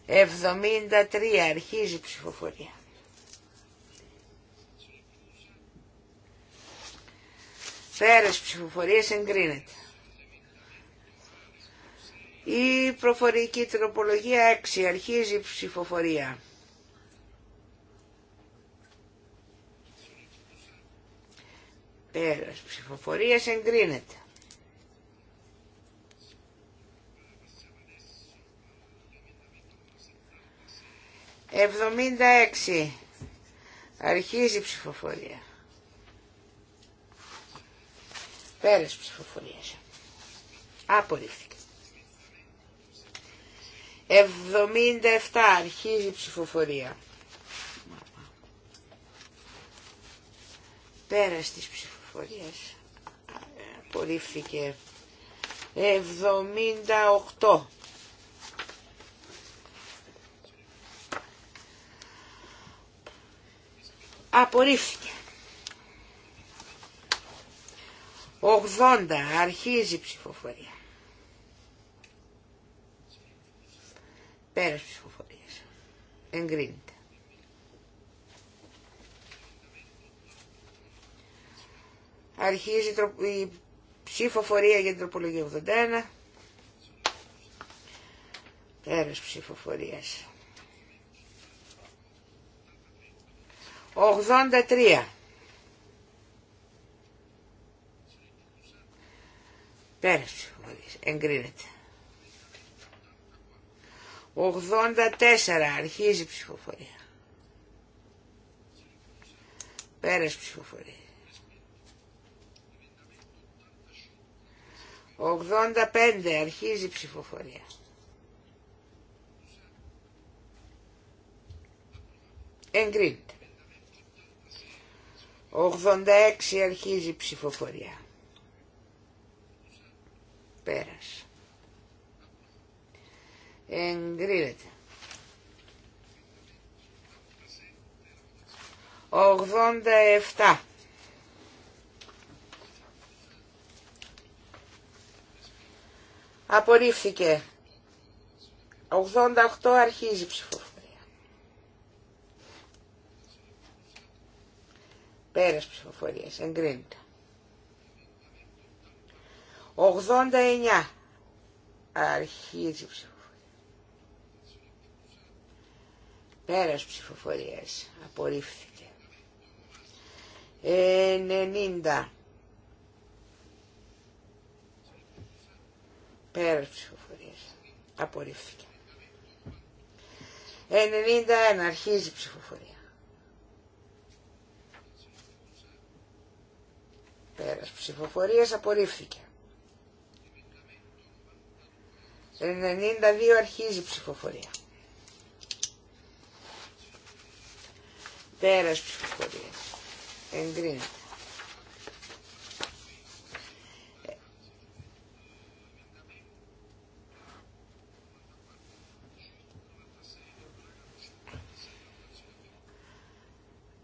73 αρχίζει η ψηφοφορία. Πέρες ψηφοφορίες εγκρίνεται. Η προφορική τροπολογία 6 αρχίζει η ψηφοφορία. Πέρες ψηφοφορίες εγκρίνεται. 76. Αρχίζει η ψηφοφορία. Πέρας ψηφοφορία. Απορρίφθηκε. 77. Αρχίζει η ψηφοφορία. Πέρασε της ψηφοφορίας. Απορρίφθηκε. 78. Απορρίφθηκε. 80. Αρχίζει η ψηφοφορία. Πέρας ψηφοφορία. Εγκρίνεται. Αρχίζει η ψηφοφορία για την τροπολογία 81. Πέρας ψηφοφορίας. 83. Πέρασε εγκρίνεται. 84 αρχίζει η ψηφοφορία. Πέρασε ψηφοφορία. 85 αρχίζει η ψηφοφορία. Εγκρίνεται. 86 αρχίζει η ψηφοφορία. Πέρασε Εγκρίνεται. 87. Απορρίφθηκε. 88 αρχίζει η ψηφοφορία. Πέρας ψηφοφορίας. Εγκρίνεται. 89. Αρχίζει η ψηφοφορία. Πέρας ψηφοφορίας. Απορρίφθηκε. 90. Πέρας ψηφοφορίας. Απορρίφθηκε. 91. Αρχίζει η ψηφοφορία. Πέρας ψηφοφορίας απορρίφθηκε. 92 αρχίζει η ψηφοφορία. Πέρας ψηφοφορίας. Εγκρίνεται.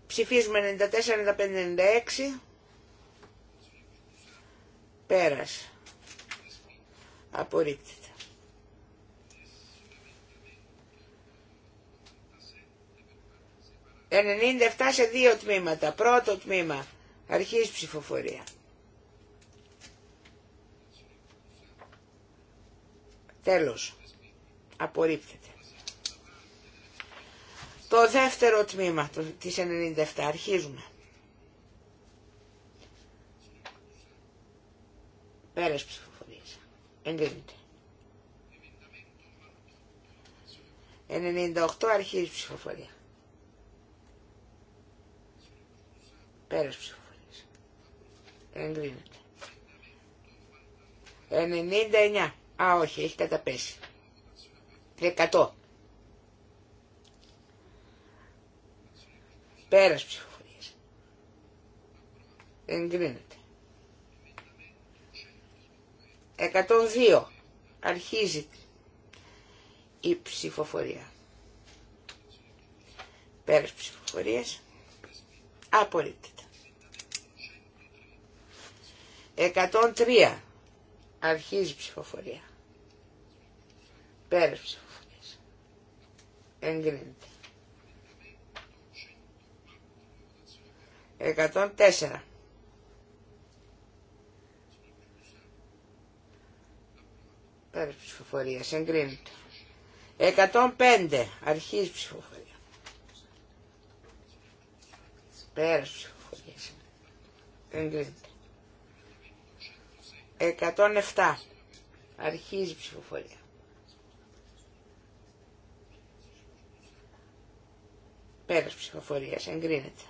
ψηφίζουμε 94-95-96 Πέρασε. Απορρίπτεται. «97 σε δύο τμήματα. Πρώτο τμήμα. Αρχής ψηφοφορία». Τέλος. Απορρίπτεται. Το δεύτερο τμήμα της 97. Αρχίζουμε. Πέρας ψηφοφορίας. Εγκρίνεται. 98 αρχίζει ψηφοφορία. Πέρας ψηφοφορίας. Εγκρίνεται. 99. Α, όχι, έχει καταπέσει. 100. Πέρας ψηφοφορίας. Εγκρίνεται. 102 αρχίζει η ψηφοφορία. Πέρας ψηφοφορίας απορρίπτεται. 103 αρχίζει η ψηφοφορία. Πέρας ψηφοφορίας εγκρίνεται. 104 Πέρα ψηφοφορία. Εγκρίνεται. 105. Αρχή ψηφοφορία. Πέρα ψηφοφορία. Εγκρίνεται. 107. Αρχίζει ψηφοφορία. Πέρας ψηφοφορίας, εγκρίνεται.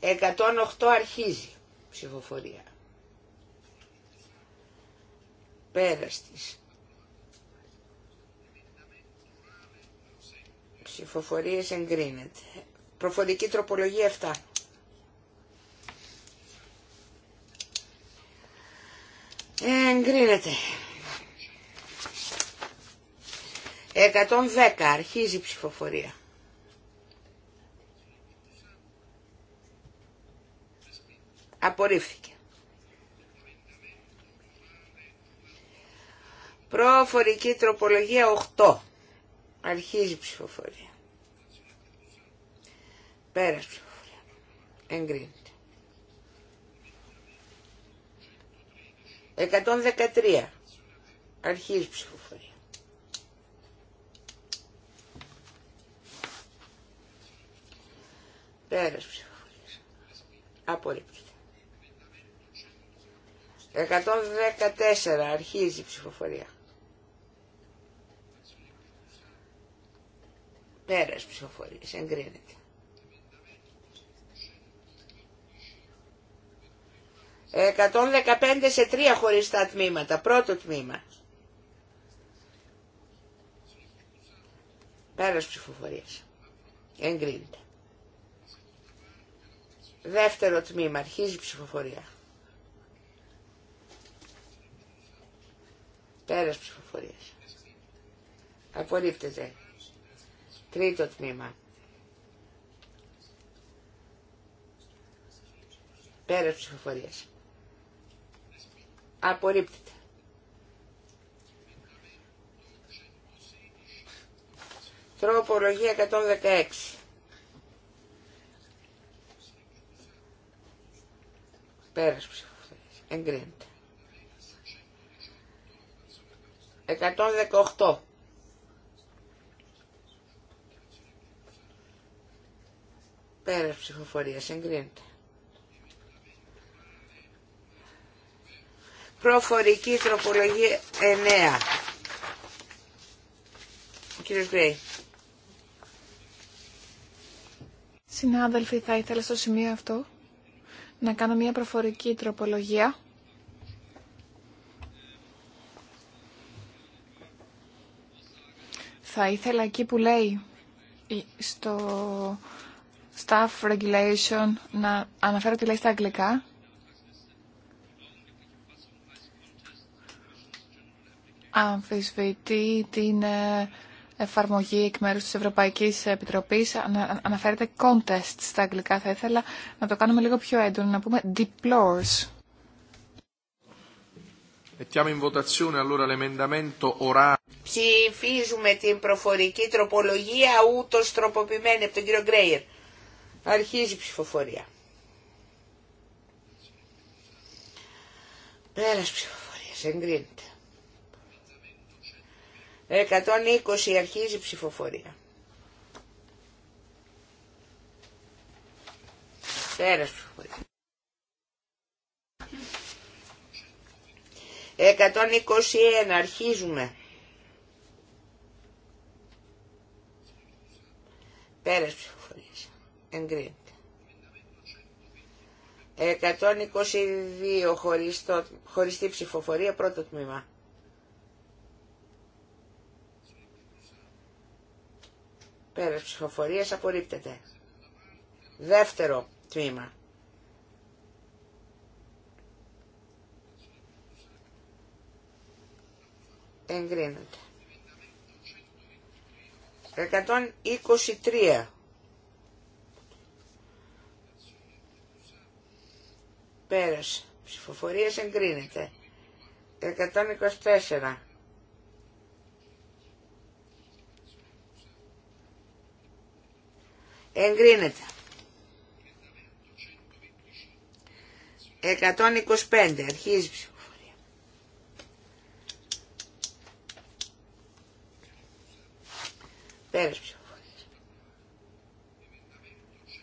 108 αρχίζει ψηφοφορία πέρας της. Ψηφοφορίες εγκρίνεται. Προφορική τροπολογία 7. Εγκρίνεται. 110. Αρχίζει η ψηφοφορία. Απορρίφθηκε. Προφορική τροπολογία 8. Αρχίζει η ψηφοφορία. Πέρας ψηφοφορία. Εγκρίνεται. 113. Αρχίζει η ψηφοφορία. Πέρας ψηφοφορία. Απορρίπτεται. 114. Αρχίζει η ψηφοφορία. Πέρας ψηφοφορίας. Εγκρίνεται. 115 σε τρία χωριστά τμήματα. Πρώτο τμήμα. Πέρας ψηφοφορίας. Εγκρίνεται. Δεύτερο τμήμα. Αρχίζει η ψηφοφορία. Πέρας ψηφοφορίας. Απορρίπτεται. Τρίτο τμήμα. Πέρα ψηφοφορία. Απορρίπτεται. Τροπολογία 116. Πέρας ψηφοφορίας. Εγκρίνεται. 118. Πέρας ψηφοφορίας εγκρίνεται. Προφορική τροπολογία 9. Κύριε κύριος Γκρέι. Συνάδελφοι, θα ήθελα στο σημείο αυτό να κάνω μια προφορική τροπολογία. Θα ήθελα εκεί που λέει στο staff regulation να αναφέρω τη λέξη στα αγγλικά. Αμφισβητεί την ε, εφαρμογή εκ μέρους της Ευρωπαϊκής Επιτροπής. Αναφέρεται contest στα αγγλικά. Θα ήθελα να το κάνουμε λίγο πιο έντονο, να πούμε deplores. Ψηφίζουμε την προφορική τροπολογία ούτως τροποποιημένη από τον κύριο Γκρέιερ. Αρχίζει η ψηφοφορία. Πέρας ψηφοφορίας, εγκρίνεται. 120 αρχίζει η ψηφοφορία. Πέρας ψηφοφορία. 121 αρχίζουμε. Πέρας ψηφοφορία εγκρίνεται. 122 χωριστό, χωριστή ψηφοφορία πρώτο τμήμα. Πέρας ψηφοφορίας απορρίπτεται. Δεύτερο τμήμα. Εγκρίνεται. 123 Πέρας. ψηφοφορία εγκρίνεται. 124. Εγκρίνεται. 125. Αρχίζει ψηφοφορία. Πέρας ψηφοφορία.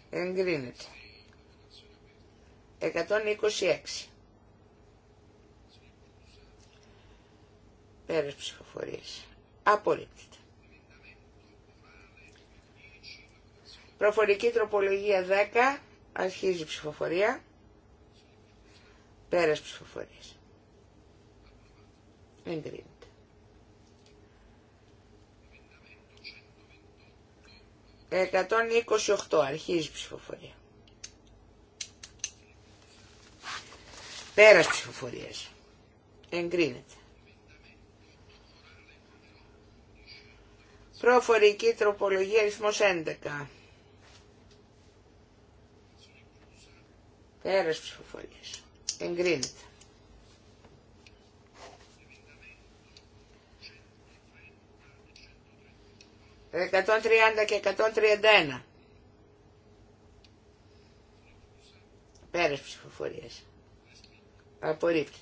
Εγκρίνεται. 126. Πέρας ψηφοφορία. Απορρίπτεται. Προφορική τροπολογία 10. Αρχίζει ψηφοφορία. Πέρας ψηφοφορίες. Εγκρίνεται. 128. Αρχίζει ψηφοφορία. Πέρας ψηφοφορίας. Εγκρίνεται. Προφορική τροπολογία αριθμός 11. Πέρας ψηφοφορίας. Εγκρίνεται. Εκατόν τριάντα και εκατόν τριάντα ένα. Πέρας ψηφοφορίας. Απορρίπτεται.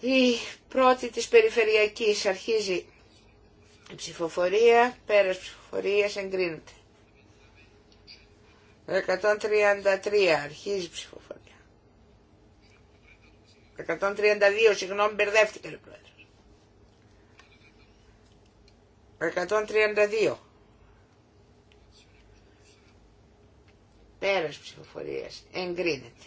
Η πρώτη της περιφερειακής αρχίζει η ψηφοφορία, πέρας ψηφοφορίας εγκρίνεται. 133 αρχίζει η ψηφοφορία. 132, συγγνώμη, μπερδεύτηκε. λοιπόν. 132. Πέρας ψηφοφορίας. Εγκρίνεται.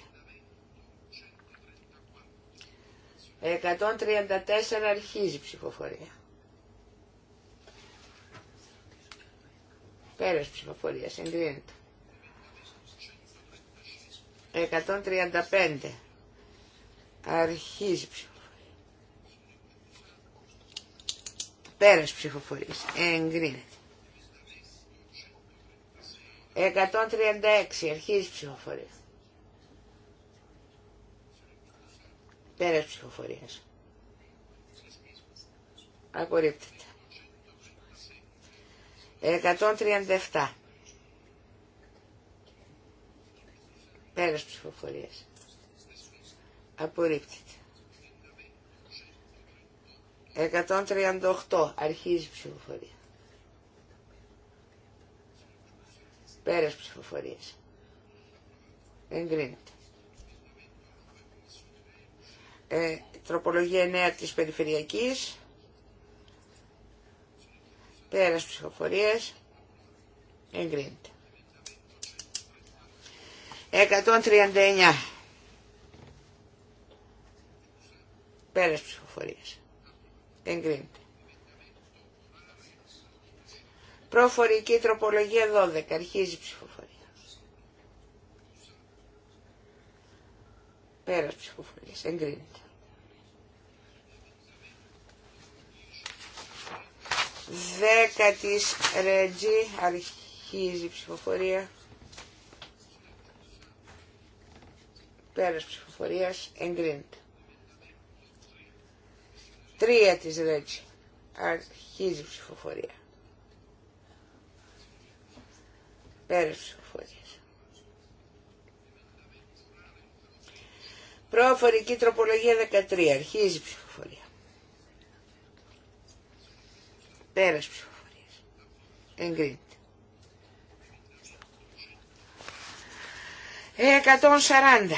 134 αρχίζει ψηφοφορία. Πέρας ψηφοφορίας. Εγκρίνεται. 135 αρχίζει ψηφοφορία. Πέρας ψηφοφορίας. Εγκρίνεται. 136. Αρχίζει η ψηφοφορία. Πέρας ψηφοφορίας. Απορρίπτεται. 137. Πέρας ψηφοφορίας. Απορρίπτεται. 138. Αρχίζει η ψηφοφορία. Πέρας ψηφοφορίας. Εγκρίνεται. Ε, τροπολογία 9 της Περιφερειακής. Πέρας ψηφοφορίας. Εγκρίνεται. 139. Πέρας ψηφοφορίας. Εγκρίνεται. Προφορική τροπολογία 12. Αρχίζει η ψηφοφορία. Πέρας ψηφοφορίας. Εγκρίνεται. Δέκα της Ρέτζη. Αρχίζει η ψηφοφορία. Πέρας ψηφοφορίας. Εγκρίνεται. Τρία της Ρέτζη. Αρχίζει η ψηφοφορία. Πέρας Φώτιας. Προφορική τροπολογία 13. Αρχίζει η ψηφοφορία. Πέρας ψηφοφορίας. Εγκρίνεται. 140. Ε,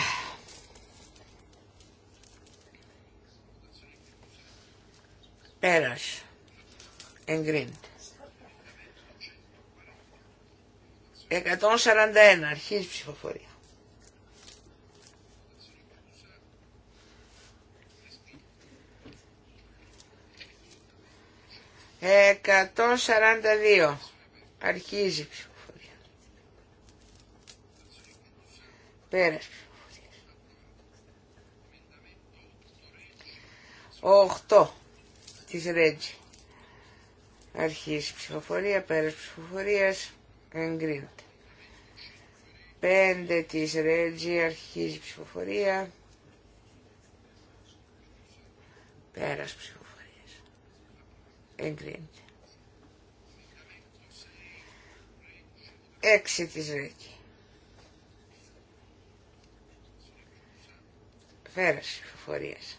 Πέρασε. Εγκρίνεται. 141 αρχίζει ψηφοφορία. Εκατό σαράντα δύο. Αρχίζει ψηφοφορία. Πέρας ψηφοφορία. Οχτώ της Ρέτζη. Αρχίζει ψηφοφορία, πέρας ψηφοφορία εγκρίνεται. 5 της Ρέτζη αρχίζει ψηφοφορία. Πέρας ψηφοφορίας. Εγκρίνεται. 6 της Ρέτζη. Πέρας ψηφοφορίας.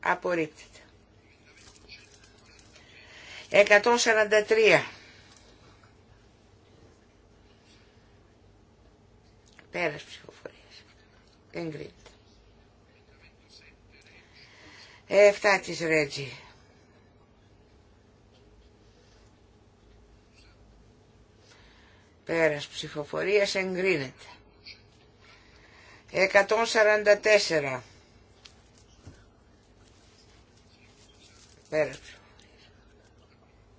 Απορρίπτεται. 143. Πέρας ψηφοφορίας. Εγκρίνεται. εφτά της Ρέτζη. Πέρας ψηφοφορίας εγκρίνεται. 144. Πέρας ψηφοφορίας.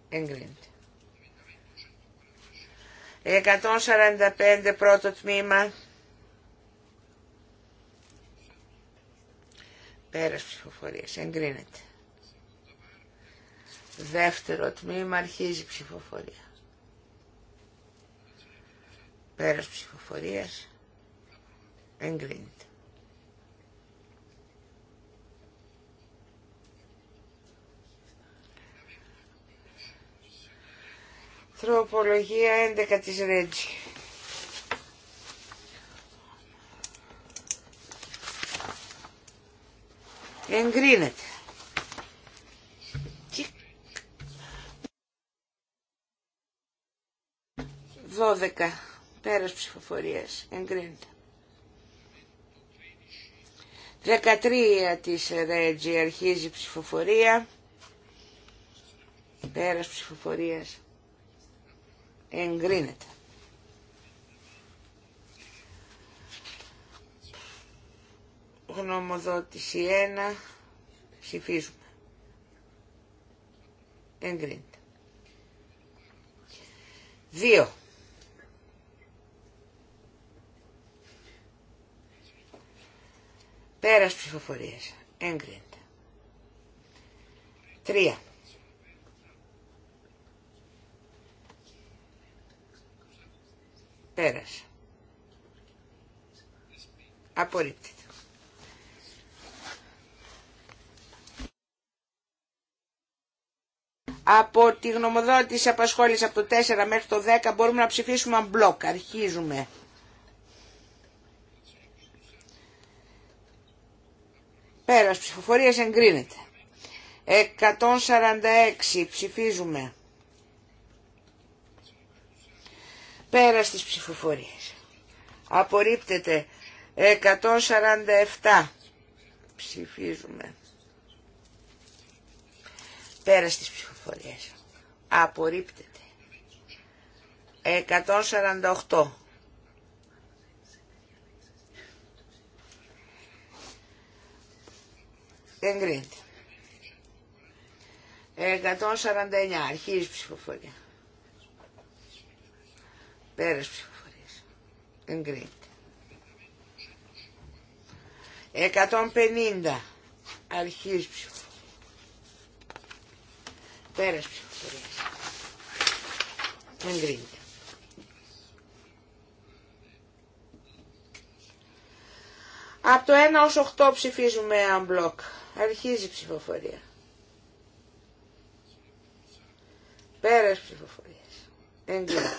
Εγκρίνεται. 145 πρώτο τμήμα Πέρας ψηφοφορίας. Εγκρίνεται. Δεύτερο τμήμα αρχίζει ψηφοφορία. Πέρας ψηφοφορίας. Εγκρίνεται. Τροπολογία 11 της Ρέτζη. Εγκρίνεται. 12. Πέρας ψηφοφορίας. Εγκρίνεται. 13 της Ρέτζη αρχίζει ψηφοφορία. Πέρας ψηφοφορίας. Εγκρίνεται. Γνωμοδότηση 1. Ψηφίζουμε. Εγκρίνεται. 2. Πέρας ψηφοφορίας. Εγκρίνεται. 3. Πέρασε. Απορρίπτεται. από τη γνωμοδότηση απασχόληση από το 4 μέχρι το 10 μπορούμε να ψηφίσουμε μπλοκ. Αρχίζουμε. Πέρας ψηφοφορίας εγκρίνεται. 146 ψηφίζουμε. Πέρας τις ψηφοφορίες. Απορρίπτεται. 147 ψηφίζουμε. Πέρας τις ψηφοφορίες φορές. Απορρίπτεται. 148. Εγκρίνεται. 149. Αρχίζει ψηφοφορία. Πέρας ψηφοφορίας. Εγκρίνεται. 150. Αρχίζει ψηφοφορία. Πέρας Δεν Εγκρίνεται. Από το 1 ως 8 ψηφίζουμε έναν μπλοκ. Αρχίζει η ψηφοφορία. Πέρας ψηφοφορίας. Εγκρίνεται.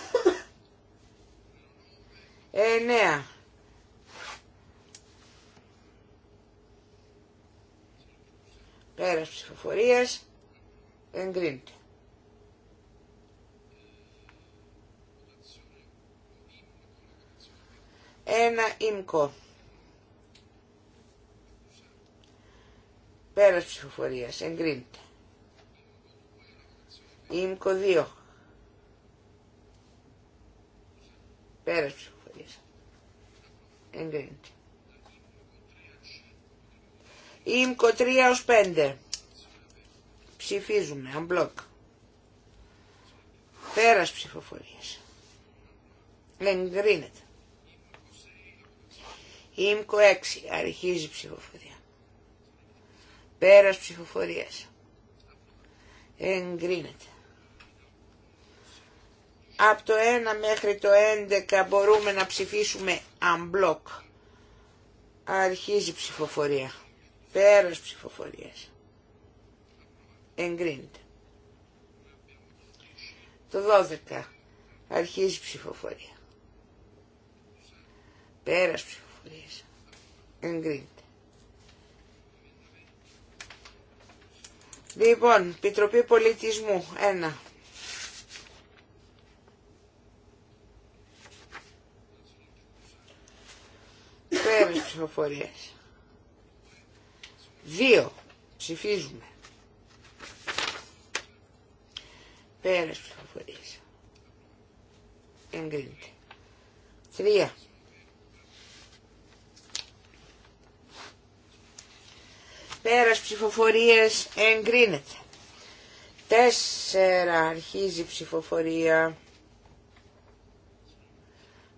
Εννέα. Πέρας ψηφοφορίας εγκρίνεται. Ένα ΙΜΚΟ. Πέρας ψηφοφορίας, εγκρίνεται. ΙΜΚΟ 2. Πέρας ψηφοφορίας, εγκρίνεται. ΙΜΚΟ 3 ως 5. Ψηφίζουμε, unblock. Πέρας ψηφοφορίας. Εγκρίνεται. Ίμκο 6, αρχίζει ψηφοφορία. Πέρας ψηφοφορίας. Εγκρίνεται. Από το 1 μέχρι το 11 μπορούμε να ψηφίσουμε unblock. Αρχίζει ψηφοφορία. Πέρας ψηφοφορίας εγκρίνεται. Το 12 αρχίζει ψηφοφορία. Πέρας ψηφοφορίας εγκρίνεται. Λοιπόν, Επιτροπή Πολιτισμού, ένα. Πέρας ψηφοφορία. Δύο. Ψηφίζουμε. Πέρας πληροφορίες. Εγκρίνεται. Τρία. Πέρας ψηφοφορίες, εγκρίνεται. Τέσσερα αρχίζει η ψηφοφορία.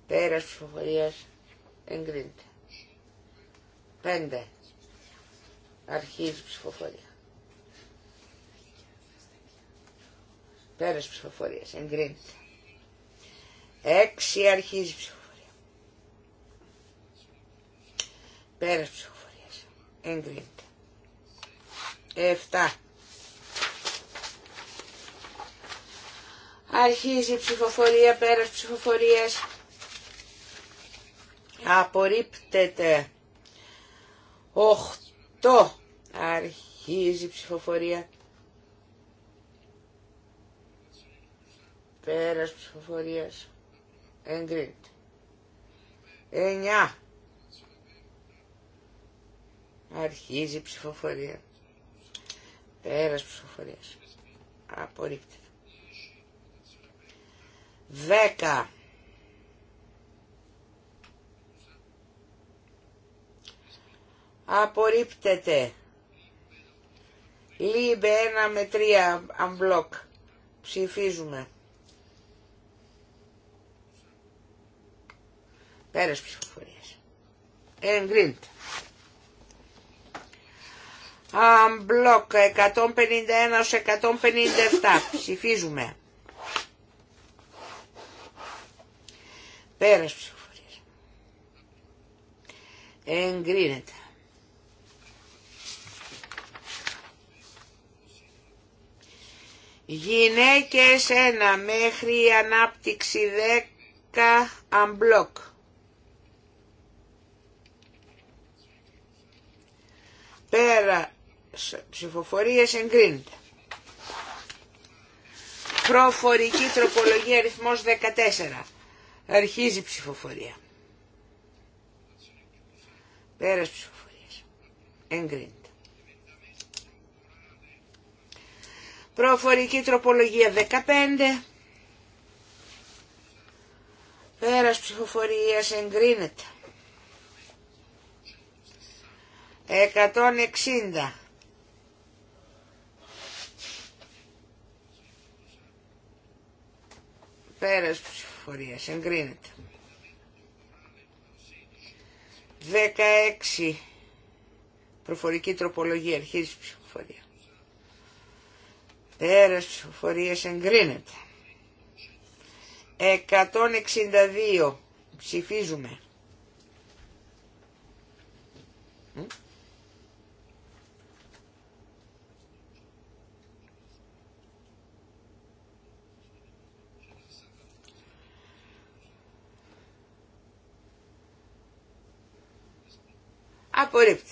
Πέρας ψηφοφορίες, εγκρίνεται. Πέντε αρχίζει η ψηφοφορία. Πέρας ψηφοφορία, Εγκρίνεται. Έξι αρχίζει η ψηφοφορία. Πέρας ψηφοφορία, Εγκρίνεται. Εφτά. Αρχίζει η ψηφοφορία, πέρας ψηφοφορία. Απορρίπτεται. Οχτώ. Αρχίζει η ψηφοφορία. Πέρας ψηφοφορίας. Εγκρίνεται. Εννιά. Αρχίζει η ψηφοφορία. Πέρας ψηφοφορίας. Απορρίπτεται. Δέκα. Απορρίπτεται. Λίμπε 1 με 3 αμπλοκ. Ψηφίζουμε. Πέρας ψηφοφορίας. Εγκρίνεται. Αμπλοκ 151-157. Ψηφίζουμε. Πέρας ψηφοφορίας. Εγκρίνεται. Γυναίκες 1 μέχρι ανάπτυξη 10 αμπλοκ. Πέρα ψηφοφορίες εγκρίνεται. Προφορική τροπολογία αριθμό 14. Αρχίζει η ψηφοφορία. Πέρας ψηφοφορίας. Εγκρίνεται. Προφορική τροπολογία 15. Πέρας ψηφοφορίας εγκρίνεται. 160 πέρας ψηφοφορίας εγκρίνεται 16 προφορική τροπολογία αρχίζει ψηφοφορία πέρας ψηφοφορίας εγκρίνεται 162 ψηφίζουμε απορρίπτεται.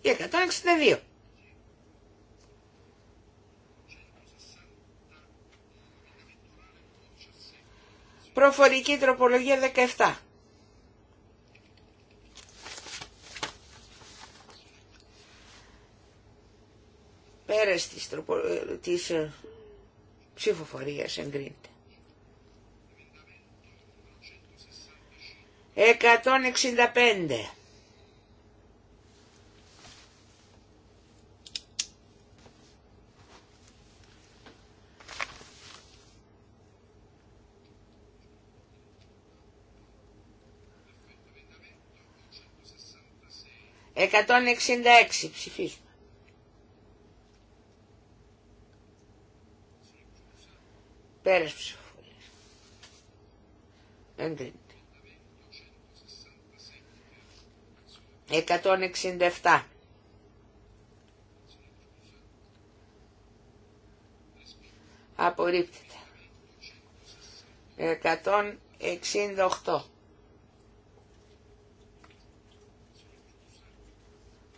Η 162. Προφορική τροπολογία 17. Πέρας της, τροπο... της ε, ψηφοφορίας εγκρίνεται. 165. 166 ψηφίσμα. Πέρας Δεν Εγκρίνεται. 167. Απορρίπτεται. 168.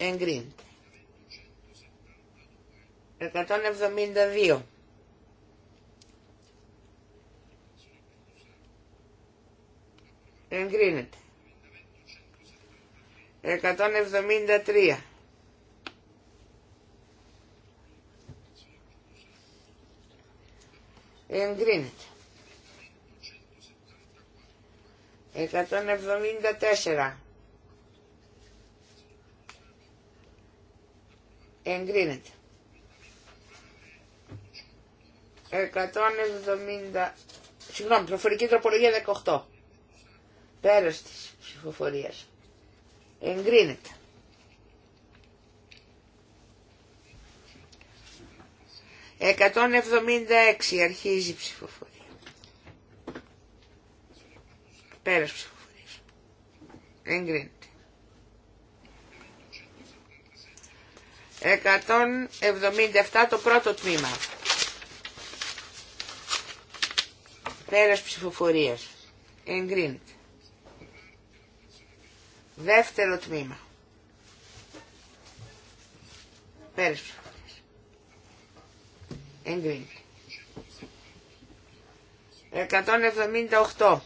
Εγκρίνεται. Εκατόν εβδομήντα δύο. Εγκρίνεται. Εκατόν εβδομήντα τρία. Εγκρίνεται. Εκατόν εβδομήντα τέσσερα. εγκρίνεται. 170, συγγνώμη, προφορική τροπολογία 18. Πέρας της ψηφοφορίας. Εγκρίνεται. 176 αρχίζει η ψηφοφορία. Πέρας ψηφοφορίας. Εγκρίνεται. 177 το πρώτο τμήμα. Πέρας ψηφοφορίας. Εγκρίνεται. Δεύτερο τμήμα. Πέρας ψηφοφορίας. Εγκρίνεται. 178.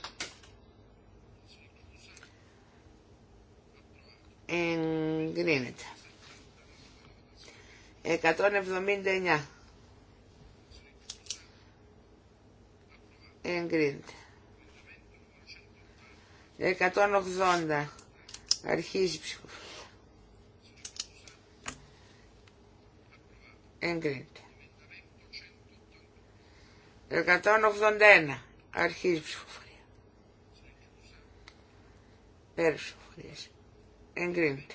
Εγκρίνεται. 179 εγκρίνεται 180 αρχίζει η ψηφοφορία εγκρίνεται 181 αρχίζει η ψηφοφορία πέρα ψηφοφορίας εγκρίνεται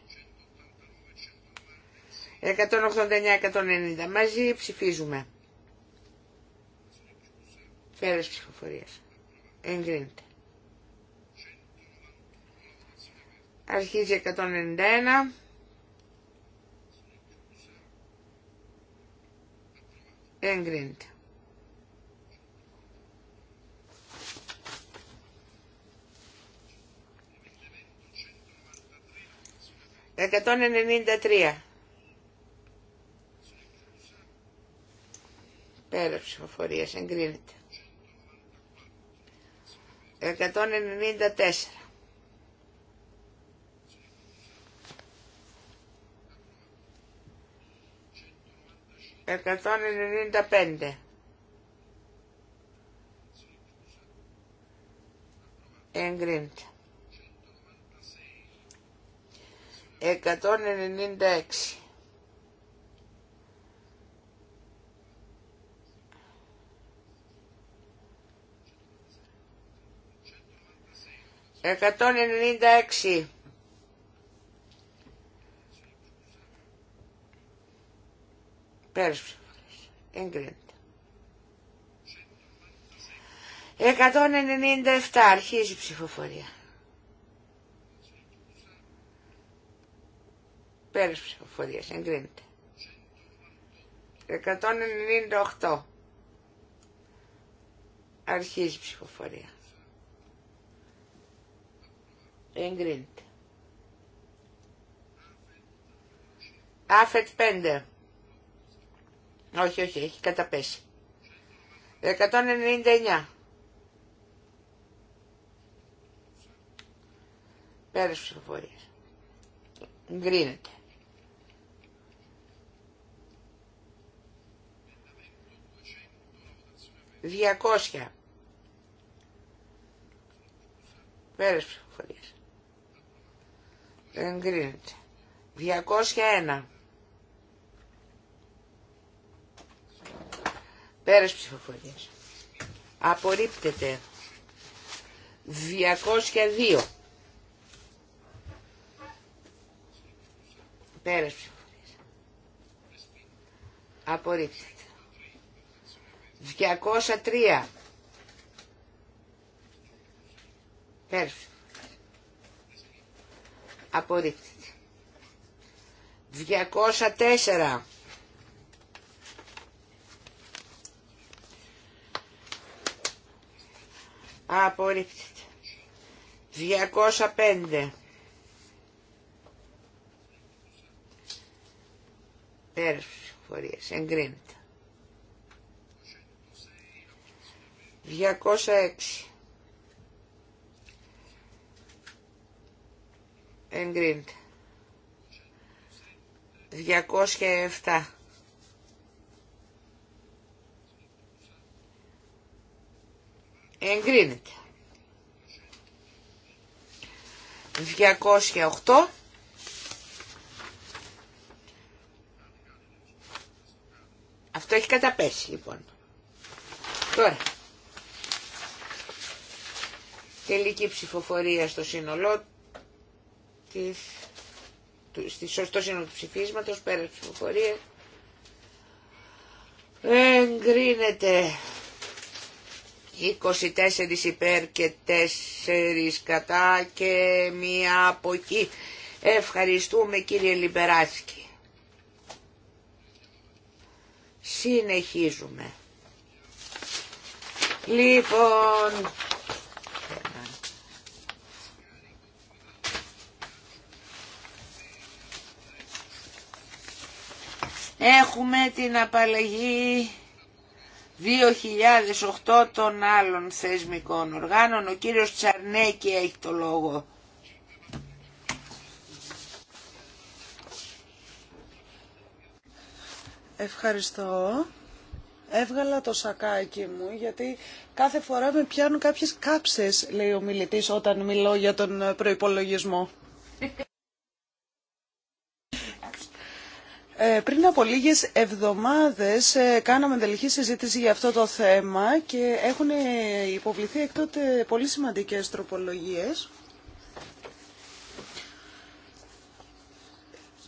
189-190 μαζί ψηφίζουμε. Πέρας ψηφοφορίας. Εγκρίνεται. Αρχίζει 191. Εγκρίνεται. Εκατόν ενενήντα Πέρα ψηφοφορία. Εγκρίνεται. Εκατόν τέσσερα. Εκατόν ενενήντα πέντε. Εγκρίνεται. Εκατόν ενενήντα έξι. 196 Πέρσι, εγκρίνεται. 197 αρχίζει η ψηφοφορία. Πέρσι ψηφοφορία, εγκρίνεται. 198 αρχίζει η ψηφοφορία. Εγκρίνεται. Άφετ 5. Όχι, όχι, έχει καταπέσει. 199. Πέρας ψηφοφορίας. Εγκρίνεται. 200. Πέρας ψηφοφορίας. Εγκρίνεται. 201. Πέρας ψηφοφορίας. Απορρίπτεται. 202. Πέρας ψηφοφορίας. Απορρίπτεται. 203. Πέρας απορρίπτεται. 204. Απορρίπτεται. 205. Πέρας Εγκρίνεται. 206. εγκρίνεται. 207. Εγκρίνεται. 208. Αυτό έχει καταπέσει λοιπόν. Τώρα. Τελική ψηφοφορία στο σύνολό της, στη σωστό σύνολο του ψηφίσματος, πέρα της ψηφοφορίας. Εγκρίνεται 24 υπέρ και 4 κατά και μία από εκεί. Ευχαριστούμε κύριε Λιμπεράσκη. Συνεχίζουμε. Λοιπόν, Έχουμε την απαλλαγή 2008 των άλλων θεσμικών οργάνων. Ο κύριος Τσαρνέκη έχει το λόγο. Ευχαριστώ. Έβγαλα το σακάκι μου γιατί κάθε φορά με πιάνουν κάποιες κάψες, λέει ο μιλητής, όταν μιλώ για τον προϋπολογισμό. Ε, πριν από λίγες εβδομάδες ε, κάναμε τελική συζήτηση για αυτό το θέμα και έχουν ε, υποβληθεί εκ τότε πολύ σημαντικές τροπολογίες.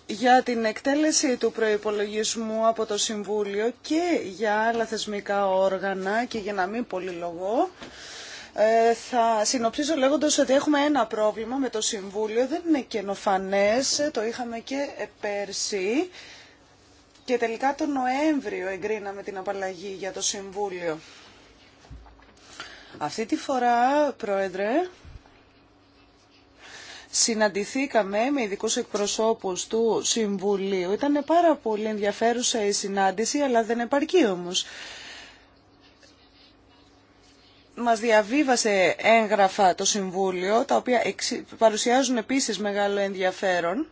για την εκτέλεση του προϋπολογισμού από το Συμβούλιο και για άλλα θεσμικά όργανα και για να μην πολυλογώ, θα συνοψίσω λέγοντας ότι έχουμε ένα πρόβλημα με το Συμβούλιο, δεν είναι καινοφανές, το είχαμε και πέρσι. Και τελικά τον Νοέμβριο εγκρίναμε την απαλλαγή για το Συμβούλιο. Αυτή τη φορά, Πρόεδρε, συναντηθήκαμε με ειδικού εκπροσώπους του Συμβουλίου. Ήταν πάρα πολύ ενδιαφέρουσα η συνάντηση, αλλά δεν επαρκεί όμως. Μας διαβίβασε έγγραφα το Συμβούλιο, τα οποία παρουσιάζουν επίσης μεγάλο ενδιαφέρον.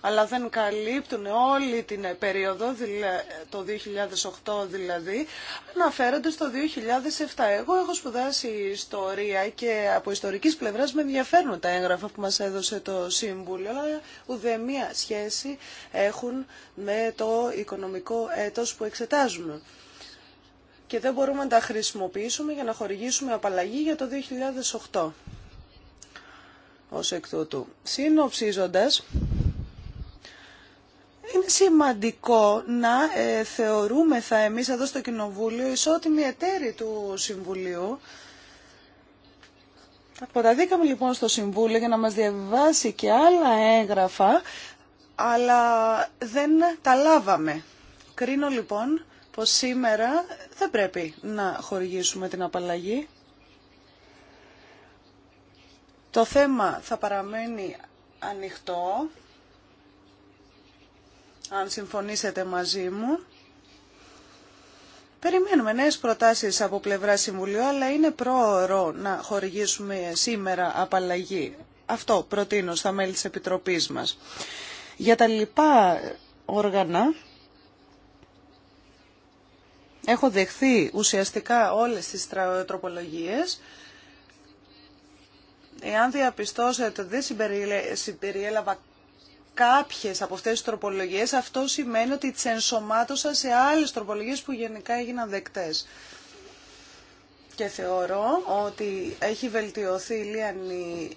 αλλά δεν καλύπτουν όλη την περίοδο, το 2008 δηλαδή, αναφέρονται στο 2007. Εγώ έχω σπουδάσει ιστορία και από ιστορικής πλευράς με ενδιαφέρουν τα έγγραφα που μας έδωσε το Σύμβουλο, αλλά ουδέμια σχέση έχουν με το οικονομικό έτος που εξετάζουμε και δεν μπορούμε να τα χρησιμοποιήσουμε για να χορηγήσουμε απαλλαγή για το 2008 ως εκ τούτου. Συνοψίζοντας, είναι σημαντικό να ε, θεωρούμε θα εμείς εδώ στο Κοινοβούλιο ισότιμη εταίροι του Συμβουλίου. Αποταδίκαμε λοιπόν στο Συμβούλιο για να μας διαβάσει και άλλα έγγραφα, αλλά δεν τα λάβαμε. Κρίνω λοιπόν πως σήμερα δεν πρέπει να χορηγήσουμε την απαλλαγή. Το θέμα θα παραμένει ανοιχτό αν συμφωνήσετε μαζί μου. Περιμένουμε νέες προτάσεις από πλευρά Συμβουλίου, αλλά είναι πρόωρο να χορηγήσουμε σήμερα απαλλαγή. Αυτό προτείνω στα μέλη της Επιτροπής μας. Για τα λοιπά όργανα, έχω δεχθεί ουσιαστικά όλες τις τροπολογίες. Εάν διαπιστώσετε δεν συμπεριέλαβα κάποιες από αυτές τις τροπολογίες, αυτό σημαίνει ότι τις ενσωμάτωσα σε άλλες τροπολογίες που γενικά έγιναν δεκτές. Και θεωρώ ότι έχει βελτιωθεί η Λίανη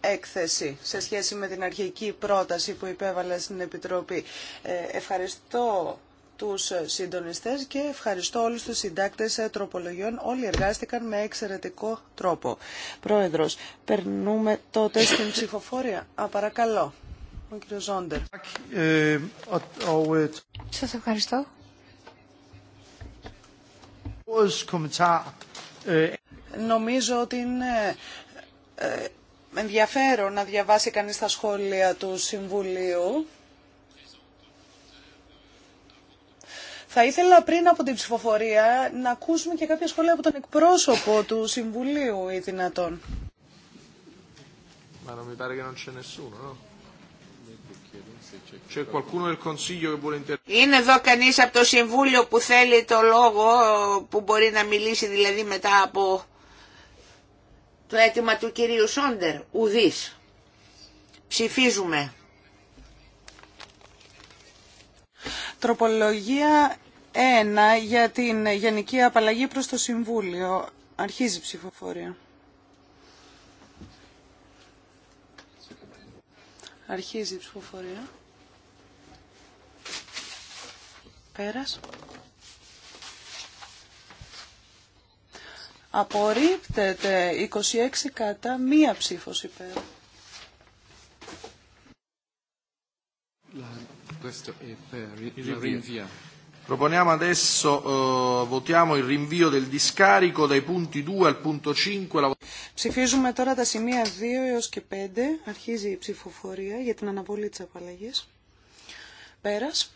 έκθεση σε σχέση με την αρχική πρόταση που υπέβαλα στην Επιτροπή. Ε, ευχαριστώ τους συντονιστές και ευχαριστώ όλους τους συντάκτες τροπολογιών. Όλοι εργάστηκαν με εξαιρετικό τρόπο. Πρόεδρος, περνούμε τότε στην ψηφοφόρια. Α, παρακαλώ. Σας ευχαριστώ. Νομίζω ότι είναι ε, ενδιαφέρον να διαβάσει κανείς τα σχόλια του Συμβουλίου. Θα ήθελα πριν από την ψηφοφορία να ακούσουμε και κάποια σχόλια από τον εκπρόσωπο του Συμβουλίου ή δυνατόν. Μα ε. Είναι εδώ κανείς από το Συμβούλιο που θέλει το λόγο που μπορεί να μιλήσει δηλαδή μετά από το αίτημα του κυρίου Σόντερ. Ουδής. Ψηφίζουμε. Τροπολογία 1 για την γενική απαλλαγή προς το Συμβούλιο. Αρχίζει η ψηφοφορία. Αρχίζει η ψηφοφορία. Πέρας. Απορρίπτεται 26 κατά μία ψήφος υπέρ. Proponiamo adesso, eh, votiamo il rinvio del discarico dai punti 2 al punto 5. la Ψηφίζουμε τώρα τα σημεία 2 έως και 5. Αρχίζει η ψηφοφορία για την αναβολή της απαλλαγής. Πέρας.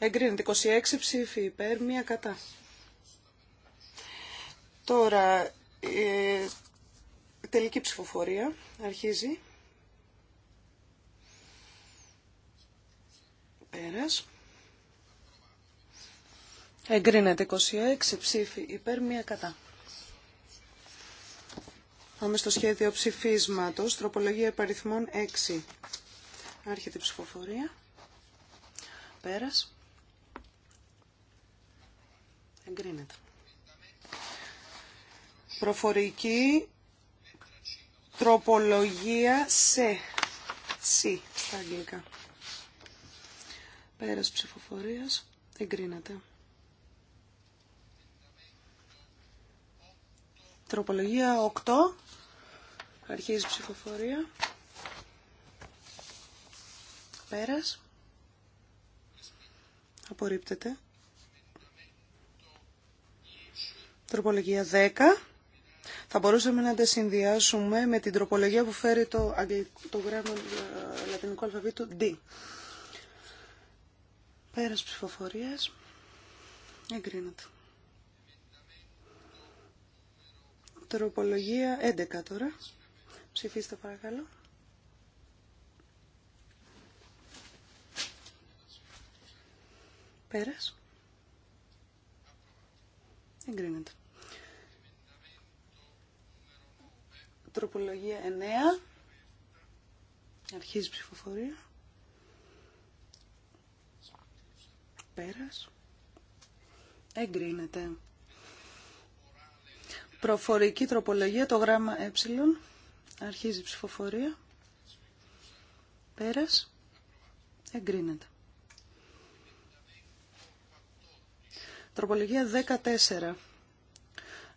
Εγκρίνεται 26 ψήφοι υπέρ, μία κατά. Τώρα, ε, τελική ψηφοφορία αρχίζει. Πέρας. Εγκρίνεται 26 ψήφοι υπέρ, μία κατά. Πάμε στο σχέδιο ψηφίσματος, τροπολογία υπαριθμών 6. Άρχεται η ψηφοφορία. Πέρας. Εγκρίνεται. Προφορική τροπολογία σε. Σι, στα αγγλικά. Πέρας ψηφοφορίας. Εγκρίνεται. Τροπολογία 8. Αρχίζει ψηφοφορία. Πέρας. Απορρίπτεται. Τροπολογία 10. Θα μπορούσαμε να τα συνδυάσουμε με την τροπολογία που φέρει το, το γράμμα ε, λατινικού αλφαβήτου D. Πέρας ψηφοφορίας. Εγκρίνεται. Τροπολογία 11 τώρα. Ψηφίστε παρακαλώ. Πέρας. Εγκρίνεται. Τροπολογία 9. Αρχίζει ψηφοφορία. Πέρας. Εγκρίνεται. Προφορική τροπολογία, το γράμμα ε. Αρχίζει ψηφοφορία. Πέρας. Εγκρίνεται. Τροπολογία 14.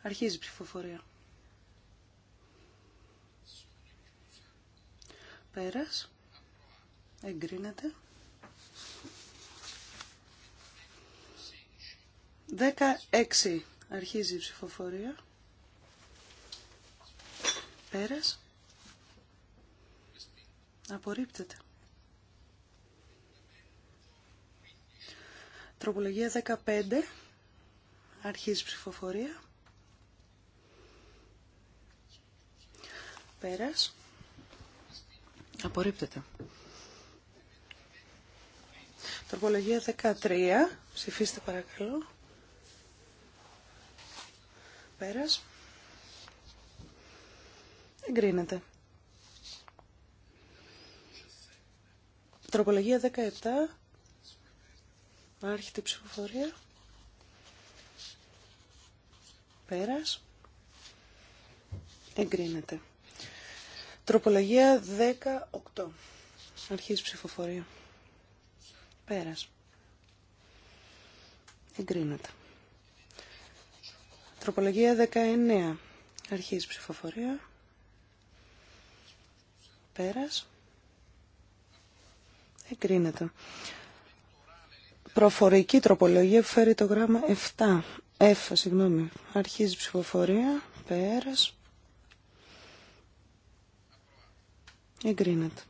Αρχίζει η ψηφοφορία. Πέρας. Εγκρίνεται. 16. Αρχίζει η ψηφοφορία. Πέρας. Απορρίπτεται. Τροπολογία 15. Αρχίζει η ψηφοφορία. Πέρας. Απορρίπτεται. Τροπολογία 13. Ψηφίστε παρακαλώ. Πέρας. Εγκρίνεται. Τροπολογία 17. Άρχεται η ψηφοφορία. Πέρας. Εγκρίνεται. Τροπολογία 18. Αρχής ψηφοφορία. Πέρας. Εγκρίνεται. Τροπολογία 19. Αρχής ψηφοφορία. Πέρας. Εγκρίνεται. Προφορική τροπολογία φέρει το γράμμα 7. F, συγγνώμη. Αρχίζει η ψηφοφορία. Πέρας. Εγκρίνεται.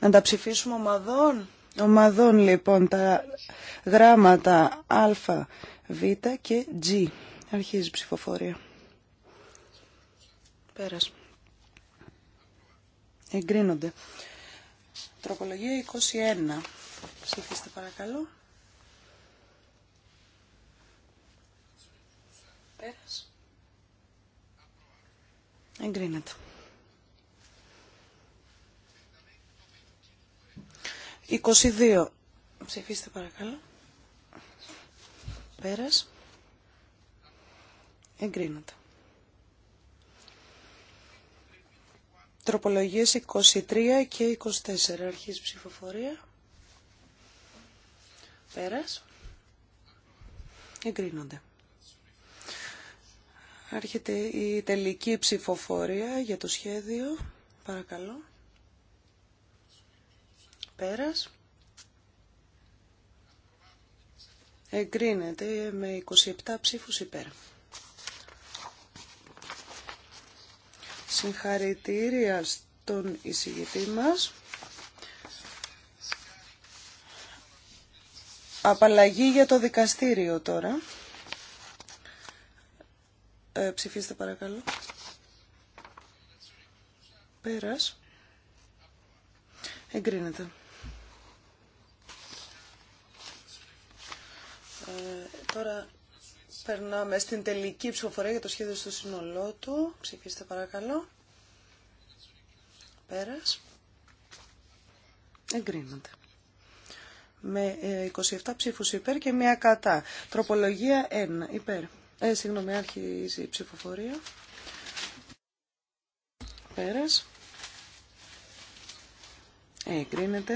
Να τα ψηφίσουμε ομαδών. Ομαδών λοιπόν τα γράμματα α, β και g. Αρχίζει η ψηφοφορία. Πέρας. Εγκρίνονται. Τροπολογία 21. Ψηφίστε παρακαλώ. Πέρας. Εγκρίνεται. 22. Ψηφίστε παρακαλώ. Πέρας. Εγκρίνεται. Τροπολογίες 23 και 24. Αρχής ψηφοφορία. Πέρας. Εγκρίνονται. Άρχεται η τελική ψηφοφορία για το σχέδιο. Παρακαλώ. Πέρας. Εγκρίνεται με 27 ψήφους υπέρ. Συγχαρητήρια στον εισηγητή μας. Απαλλαγή για το δικαστήριο τώρα. Ε, ψηφίστε παρακαλώ. Πέρας. Εγκρίνεται. Ε, τώρα περνάμε στην τελική ψηφοφορία για το σχέδιο στο σύνολό του. Ψηφίστε παρακαλώ. Πέρας. Εγκρίνεται με 27 ε, ψήφους υπέρ και μία κατά. Τροπολογία 1 υπέρ. Ε, συγγνώμη, ε, αρχίζει η ψηφοφορία. Πέρας. Εγκρίνεται.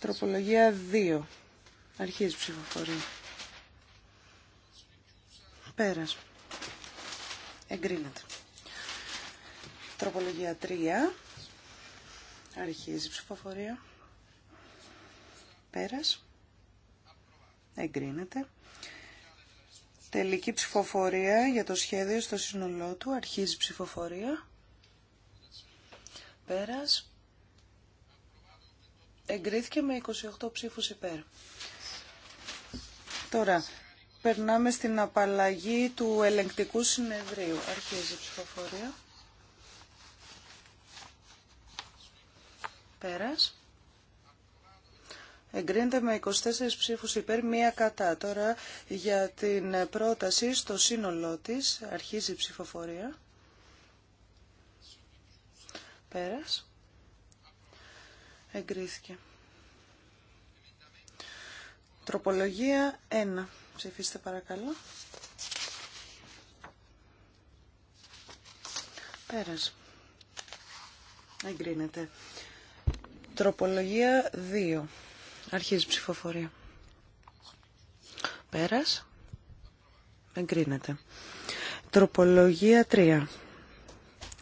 Τροπολογία 2. Αρχίζει η ψηφοφορία. Πέρας. Εγκρίνεται. Τροπολογία 3. Αρχίζει η ψηφοφορία. Πέρας. Εγκρίνεται. Τελική ψηφοφορία για το σχέδιο στο σύνολό του. Αρχίζει ψηφοφορία. Πέρας. Εγκρίθηκε με 28 ψήφους υπέρ. Τώρα, περνάμε στην απαλλαγή του ελεγκτικού συνεδρίου. Αρχίζει ψηφοφορία. Πέρας εγκρίνεται με 24 ψήφους υπέρ, μία κατά. Τώρα για την πρόταση στο σύνολό της αρχίζει η ψηφοφορία. Πέρας. Εγκρίθηκε. Τροπολογία 1. Ψηφίστε παρακαλώ. Πέρας. Εγκρίνεται. Τροπολογία 2. Αρχίζει η ψηφοφορία. Πέρας. Εγκρίνεται. Τροπολογία 3.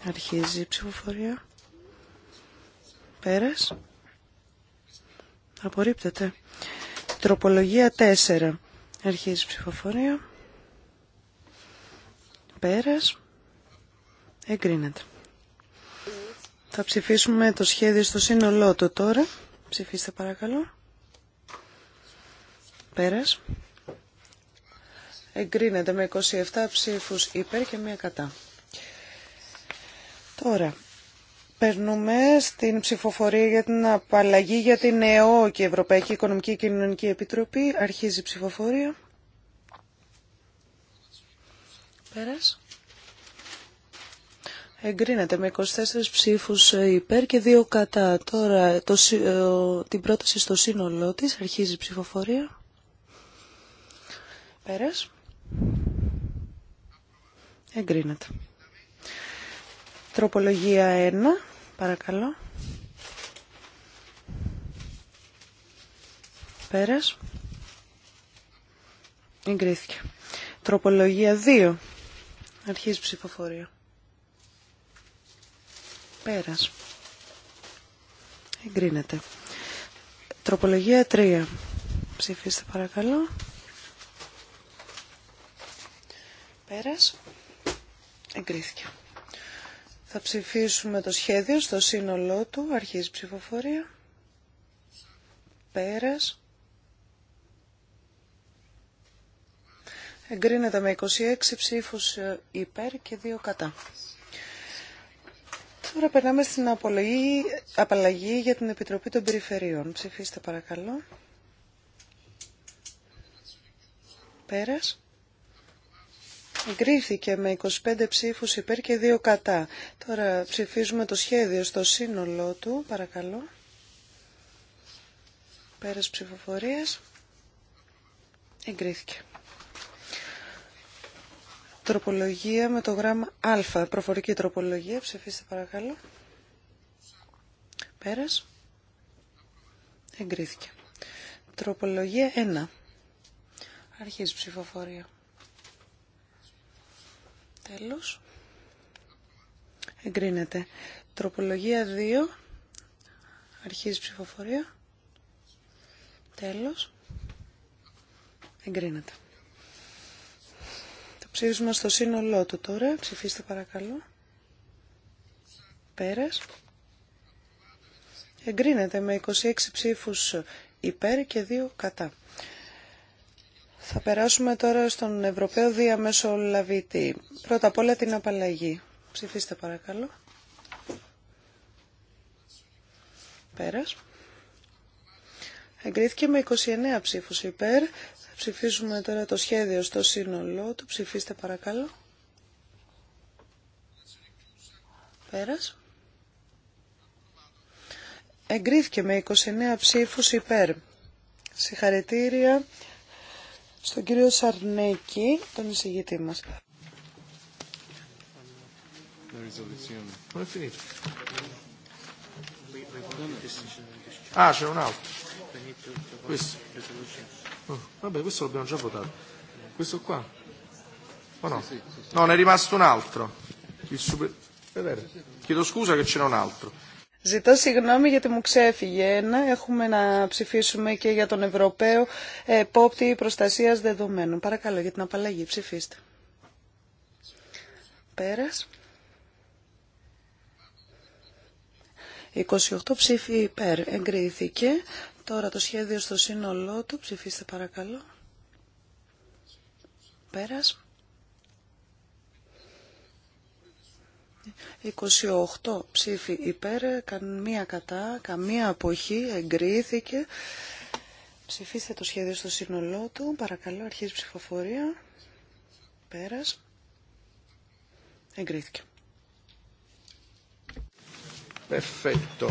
Αρχίζει η ψηφοφορία. Πέρας. Απορρίπτεται. Τροπολογία 4. Αρχίζει η ψηφοφορία. Πέρας. Εγκρίνεται. Θα ψηφίσουμε το σχέδιο στο σύνολό του τώρα. Ψηφίστε παρακαλώ. Πέρας. Εγκρίνεται με 27 ψήφους υπέρ και μία κατά. Τώρα, περνούμε στην ψηφοφορία για την απαλλαγή για την ΕΟ και Ευρωπαϊκή Οικονομική και Κοινωνική Επιτροπή. Αρχίζει η ψηφοφορία. Πέρας. Εγκρίνεται με 24 ψήφους υπέρ και 2 κατά. Τώρα το, την πρόταση στο σύνολό της αρχίζει η ψηφοφορία. Πέρας. Εγκρίνεται. Τροπολογία 1. Παρακαλώ. Πέρας. Εγκρίθηκε. Τροπολογία 2. Αρχίζει ψηφοφορία. Πέρας. Εγκρίνεται. Τροπολογία 3. Ψηφίστε παρακαλώ. Πέρας. Εγκρίθηκε. Θα ψηφίσουμε το σχέδιο στο σύνολό του. Αρχίζει ψηφοφορία. Πέρας. Εγκρίνεται με 26 ψήφους ε, υπέρ και 2 κατά. Τώρα περνάμε στην απολογή, απαλλαγή για την Επιτροπή των Περιφερειών. Ψηφίστε παρακαλώ. Πέρας. Εγκρίθηκε με 25 ψήφους υπέρ και 2 κατά. Τώρα ψηφίζουμε το σχέδιο στο σύνολό του, παρακαλώ. Πέρας ψηφοφορίας. Εγκρίθηκε. Τροπολογία με το γράμμα Α. Προφορική τροπολογία. Ψηφίστε παρακαλώ. Πέρας. Εγκρίθηκε. Τροπολογία 1. Αρχίζει ψηφοφορία. Τέλος. Εγκρίνεται. Τροπολογία 2. Αρχίζει ψηφοφορία. Τέλος. Εγκρίνεται. Το ψήφισμα στο σύνολό του τώρα. Ψηφίστε παρακαλώ. Πέρας. Εγκρίνεται με 26 ψήφους υπέρ και 2 κατά. Θα περάσουμε τώρα στον Ευρωπαίο Διαμεσολαβητή. Πρώτα απ' όλα την απαλλαγή. Ψηφίστε παρακαλώ. Πέρας. Εγκρίθηκε με 29 ψήφους υπέρ. Θα ψηφίσουμε τώρα το σχέδιο στο σύνολό του. Ψηφίστε παρακαλώ. Πέρας. Εγκρίθηκε με 29 ψήφους υπέρ. Συγχαρητήρια στον κύριο Σαρνέκη, τον εισηγητή μας. Ah, c'è un altro. Questo. Oh, vabbè, questo l'abbiamo già votato. Questo qua. O no? No, ne è rimasto un altro. Il super... Chiedo scusa che c'era un altro. Ζητώ συγγνώμη γιατί μου ξέφυγε ένα. Έχουμε να ψηφίσουμε και για τον Ευρωπαίο Επόπτη Προστασίας Δεδομένων. Παρακαλώ για την απαλλαγή. Ψηφίστε. Πέρας. 28 ψήφοι υπέρ. Εγκρίθηκε. Τώρα το σχέδιο στο σύνολό του. Ψηφίστε παρακαλώ. Πέρας. 28 ψήφοι υπέρ, καμία κατά, καμία αποχή, εγκρίθηκε. Ψηφίστε το σχέδιο στο σύνολό του. Παρακαλώ, αρχίζει ψηφοφορία. Πέρας. Εγκρίθηκε. Perfetto.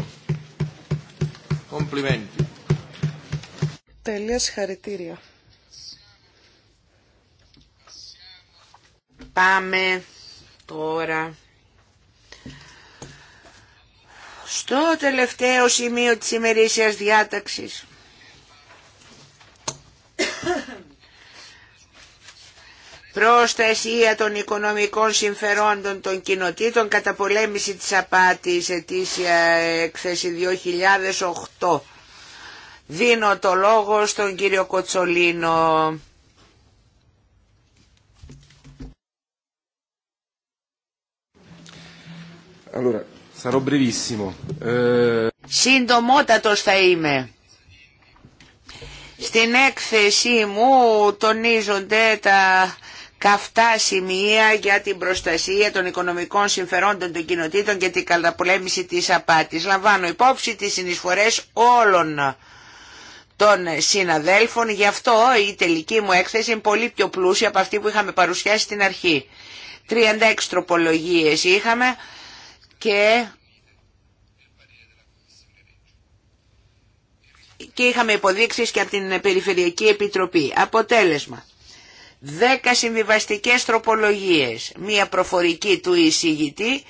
Complimenti. Τελεία συγχαρητήρια. Πάμε τώρα στο τελευταίο σημείο της ημερήσιας διάταξης. Προστασία των οικονομικών συμφερόντων των κοινοτήτων κατά πολέμηση της απάτης ετήσια έκθεση 2008. Δίνω το λόγο στον κύριο Κοτσολίνο. Allora, ε, Συντομότατος θα είμαι. Στην έκθεσή μου τονίζονται τα καυτά σημεία για την προστασία των οικονομικών συμφερόντων των κοινοτήτων και την καταπολέμηση της απάτης. Λαμβάνω υπόψη τις συνεισφορές όλων των συναδέλφων, γι' αυτό η τελική μου έκθεση είναι πολύ πιο πλούσια από αυτή που είχαμε παρουσιάσει στην αρχή. 36 τροπολογίες είχαμε, και είχαμε υποδείξεις και από την Περιφερειακή Επιτροπή. Αποτέλεσμα. Δέκα συμβιβαστικές τροπολογίες, μία προφορική του εισηγητή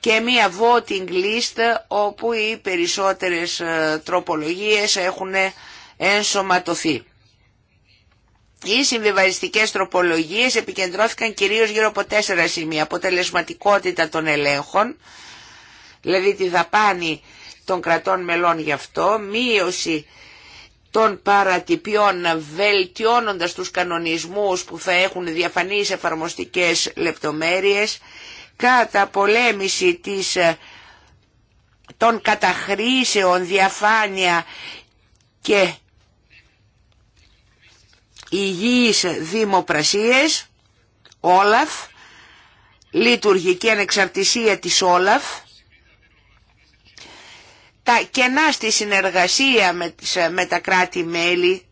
και μία voting list όπου οι περισσότερες ε, τροπολογίες έχουν ενσωματωθεί. Οι συμβιβαστικές τροπολογίες επικεντρώθηκαν κυρίως γύρω από τέσσερα σημεία. Αποτελεσματικότητα των ελέγχων, δηλαδή τη δαπάνη των κρατών μελών γι' αυτό, μείωση των παρατυπιών βελτιώνοντας τους κανονισμούς που θα έχουν διαφανείς εφαρμοστικές λεπτομέρειες, κατά πολέμηση της, ε, των καταχρήσεων, διαφάνεια και υγιείς δημοπρασίες, Όλαφ, λειτουργική ανεξαρτησία της Όλαφ, τα κενά στη συνεργασία με, τα κράτη-μέλη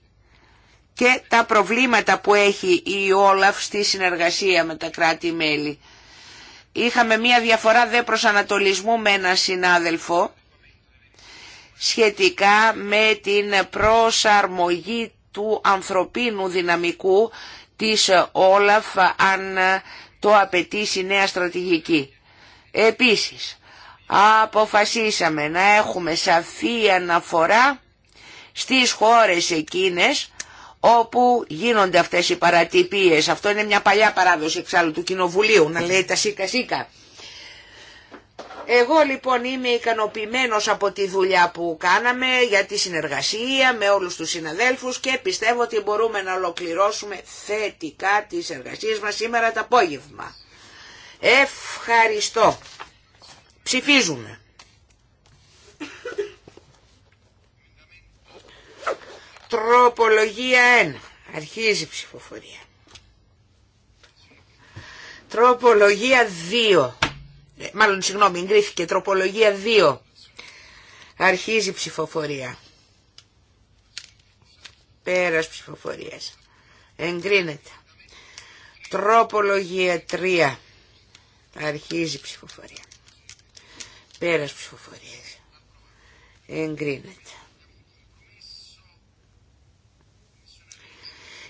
και τα προβλήματα που έχει η Όλαφ στη συνεργασία με τα κράτη-μέλη. Είχαμε μία διαφορά δε ανατολισμού με έναν συνάδελφο σχετικά με την προσαρμογή του ανθρωπίνου δυναμικού της Όλαφ αν το απαιτήσει νέα στρατηγική. Επίσης, αποφασίσαμε να έχουμε σαφή αναφορά στις χώρες εκείνες όπου γίνονται αυτές οι παρατυπίες. Αυτό είναι μια παλιά παράδοση εξάλλου του Κοινοβουλίου, να λέει τα σίκα σίκα. Εγώ λοιπόν είμαι ικανοποιημένος από τη δουλειά που κάναμε για τη συνεργασία με όλους τους συναδέλφους και πιστεύω ότι μπορούμε να ολοκληρώσουμε θετικά τις εργασίες μας σήμερα το απόγευμα. Ευχαριστώ. Ψηφίζουμε. Τροπολογία 1. Αρχίζει η ψηφοφορία. Τροπολογία 2. Ε, μάλλον, συγγνώμη, εγκρίθηκε. Τροπολογία 2. Αρχίζει η ψηφοφορία. Πέρας ψηφοφορίας. Εγκρίνεται. Τροπολογία 3. Αρχίζει η ψηφοφορία. Πέρας ψηφοφορίες. Εγκρίνεται.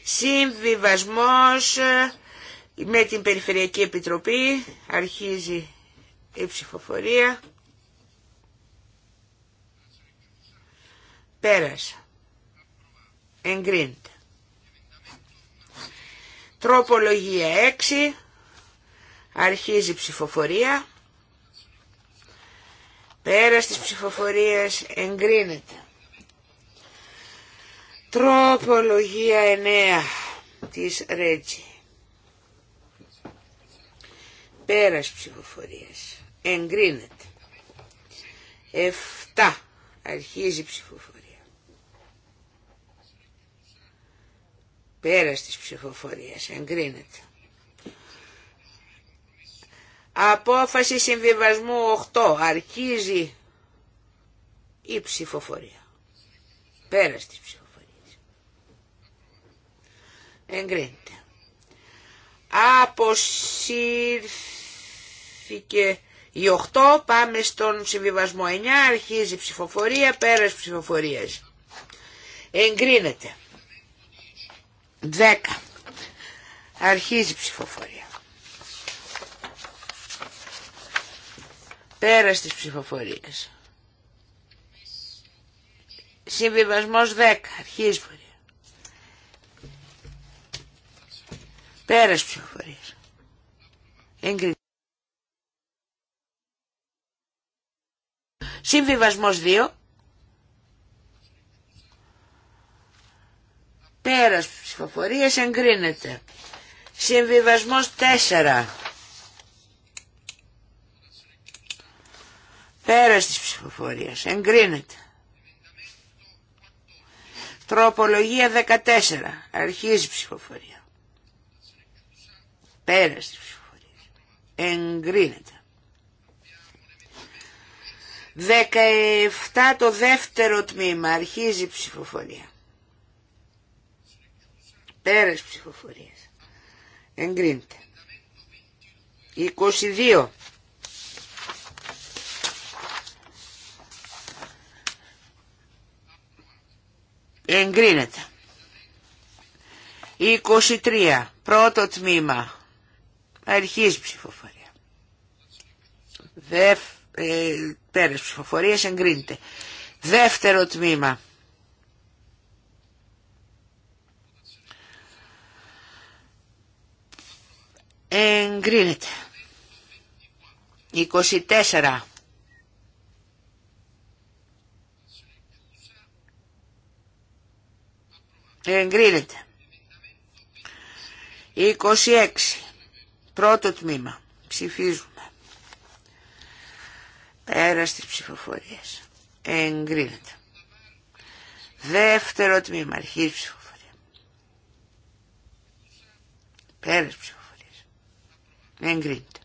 Συμβιβασμός ε, με την Περιφερειακή Επιτροπή. Αρχίζει η ψηφοφορία. Πέρασε. Εγκρίνεται. Τροπολογία 6. Αρχίζει η ψηφοφορία. Πέρας της ψηφοφορίας εγκρίνεται. Τροπολογία 9 της Ρέτζη. Πέρας ψηφοφορίας εγκρίνεται. 7 αρχίζει η ψηφοφορία. Πέρας της ψηφοφορίας εγκρίνεται. Απόφαση συμβιβασμού 8. Αρχίζει η ψηφοφορία. Πέρα τη ψηφοφορία. Εγκρίνεται. Αποσύρθηκε η 8. Πάμε στον συμβιβασμό 9. Αρχίζει η ψηφοφορία. Πέρα ψηφοφορία. Εγκρίνεται. 10. Αρχίζει η ψηφοφορία. Πέρα της ψηφοφορίας. Συμβιβασμός 10. αρχή φορή. Πέρας ψηφοφορίας. Συμβιβασμός 2. Πέρας ψηφοφορίας εγκρίνεται. Συμβιβασμός 4. Πέρας της ψηφοφορίας. Εγκρίνεται. Τροπολογία 14. Αρχίζει η ψηφοφορία. Πέρας της ψηφοφορίας. Εγκρίνεται. 17 το δεύτερο τμήμα. Αρχίζει η ψηφοφορία. Πέρας ψηφοφορίας. Εγκρίνεται. 22. Εγκρίνεται. 23. Πρώτο τμήμα. Αρχής ψηφοφορία. Δεφ, ε, πέρας ψηφοφορίας εγκρίνεται. Δεύτερο τμήμα. Εγκρίνεται. 24. Εγκρίνεται. 26. Πρώτο τμήμα. Ψηφίζουμε. Πέρα στις ψηφοφορίες. Εγκρίνεται. Δεύτερο τμήμα. Αρχή ψηφοφορία. Πέρα ψηφοφορίες. Εγκρίνεται.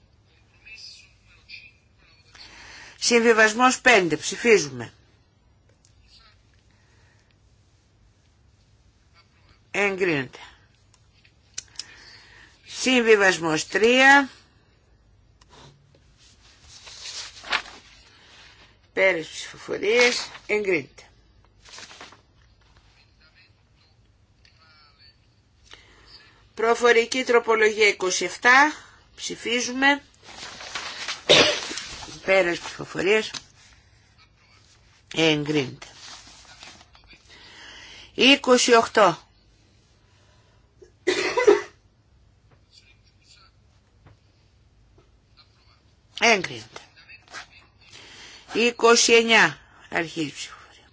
Συμβιβασμός 5. Ψηφίζουμε. εγκρίνεται. Συμβιβασμός 3 πέρες ψηφοφορίες εγκρίνεται. Προφορική τροπολογία 27 ψηφίζουμε πέρες ψηφοφορίες εγκρίνεται. 28 Έγκρινεται. 29 αρχή ψηφοφορία.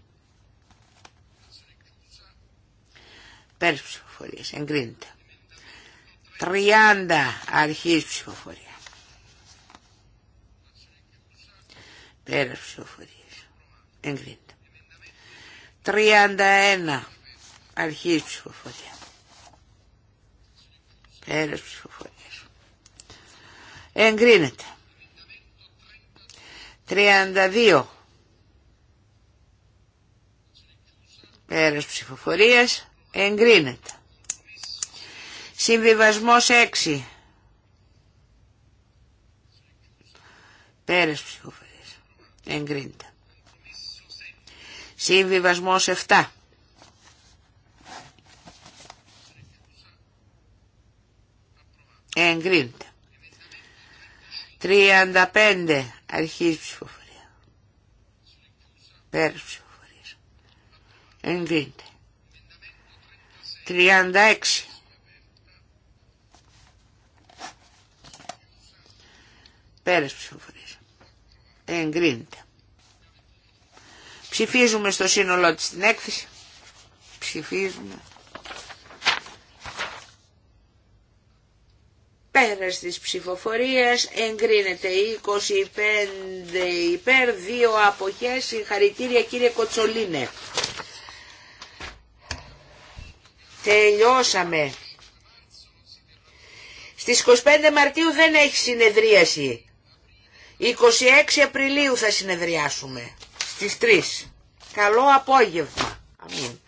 Πέρας ψηφοφορίας. Εγκρίνεται. 30 αρχή ψηφοφορία. Πέρας ψηφοφορίας. Εγκρίνεται. 31 αρχή ψηφοφορία. Πέρας ψηφοφορίας. Εγκρίνεται. 32 πέρας ψηφοφορίας εγκρίνεται συμβιβασμός 6 πέρας ψηφοφορίας εγκρίνεται συμβιβασμός 7 εγκρίνεται 35 Αρχής ψηφοφορία. Πέρας ψηφοφορίας. Εγκρίνεται. 36. Πέρας ψηφοφορίας. Εγκρίνεται. Ψηφίζουμε στο σύνολό της την έκθεση. Ψηφίζουμε. Πέρας τις ψηφοφορίες εγκρίνεται 25 υπέρ, 2 αποχές, συγχαρητήρια κύριε Κοτσολίνε. Τελειώσαμε. Στις 25 Μαρτίου δεν έχει συνεδρίαση. 26 Απριλίου θα συνεδριάσουμε. Στις 3. Καλό απόγευμα. Αμήν.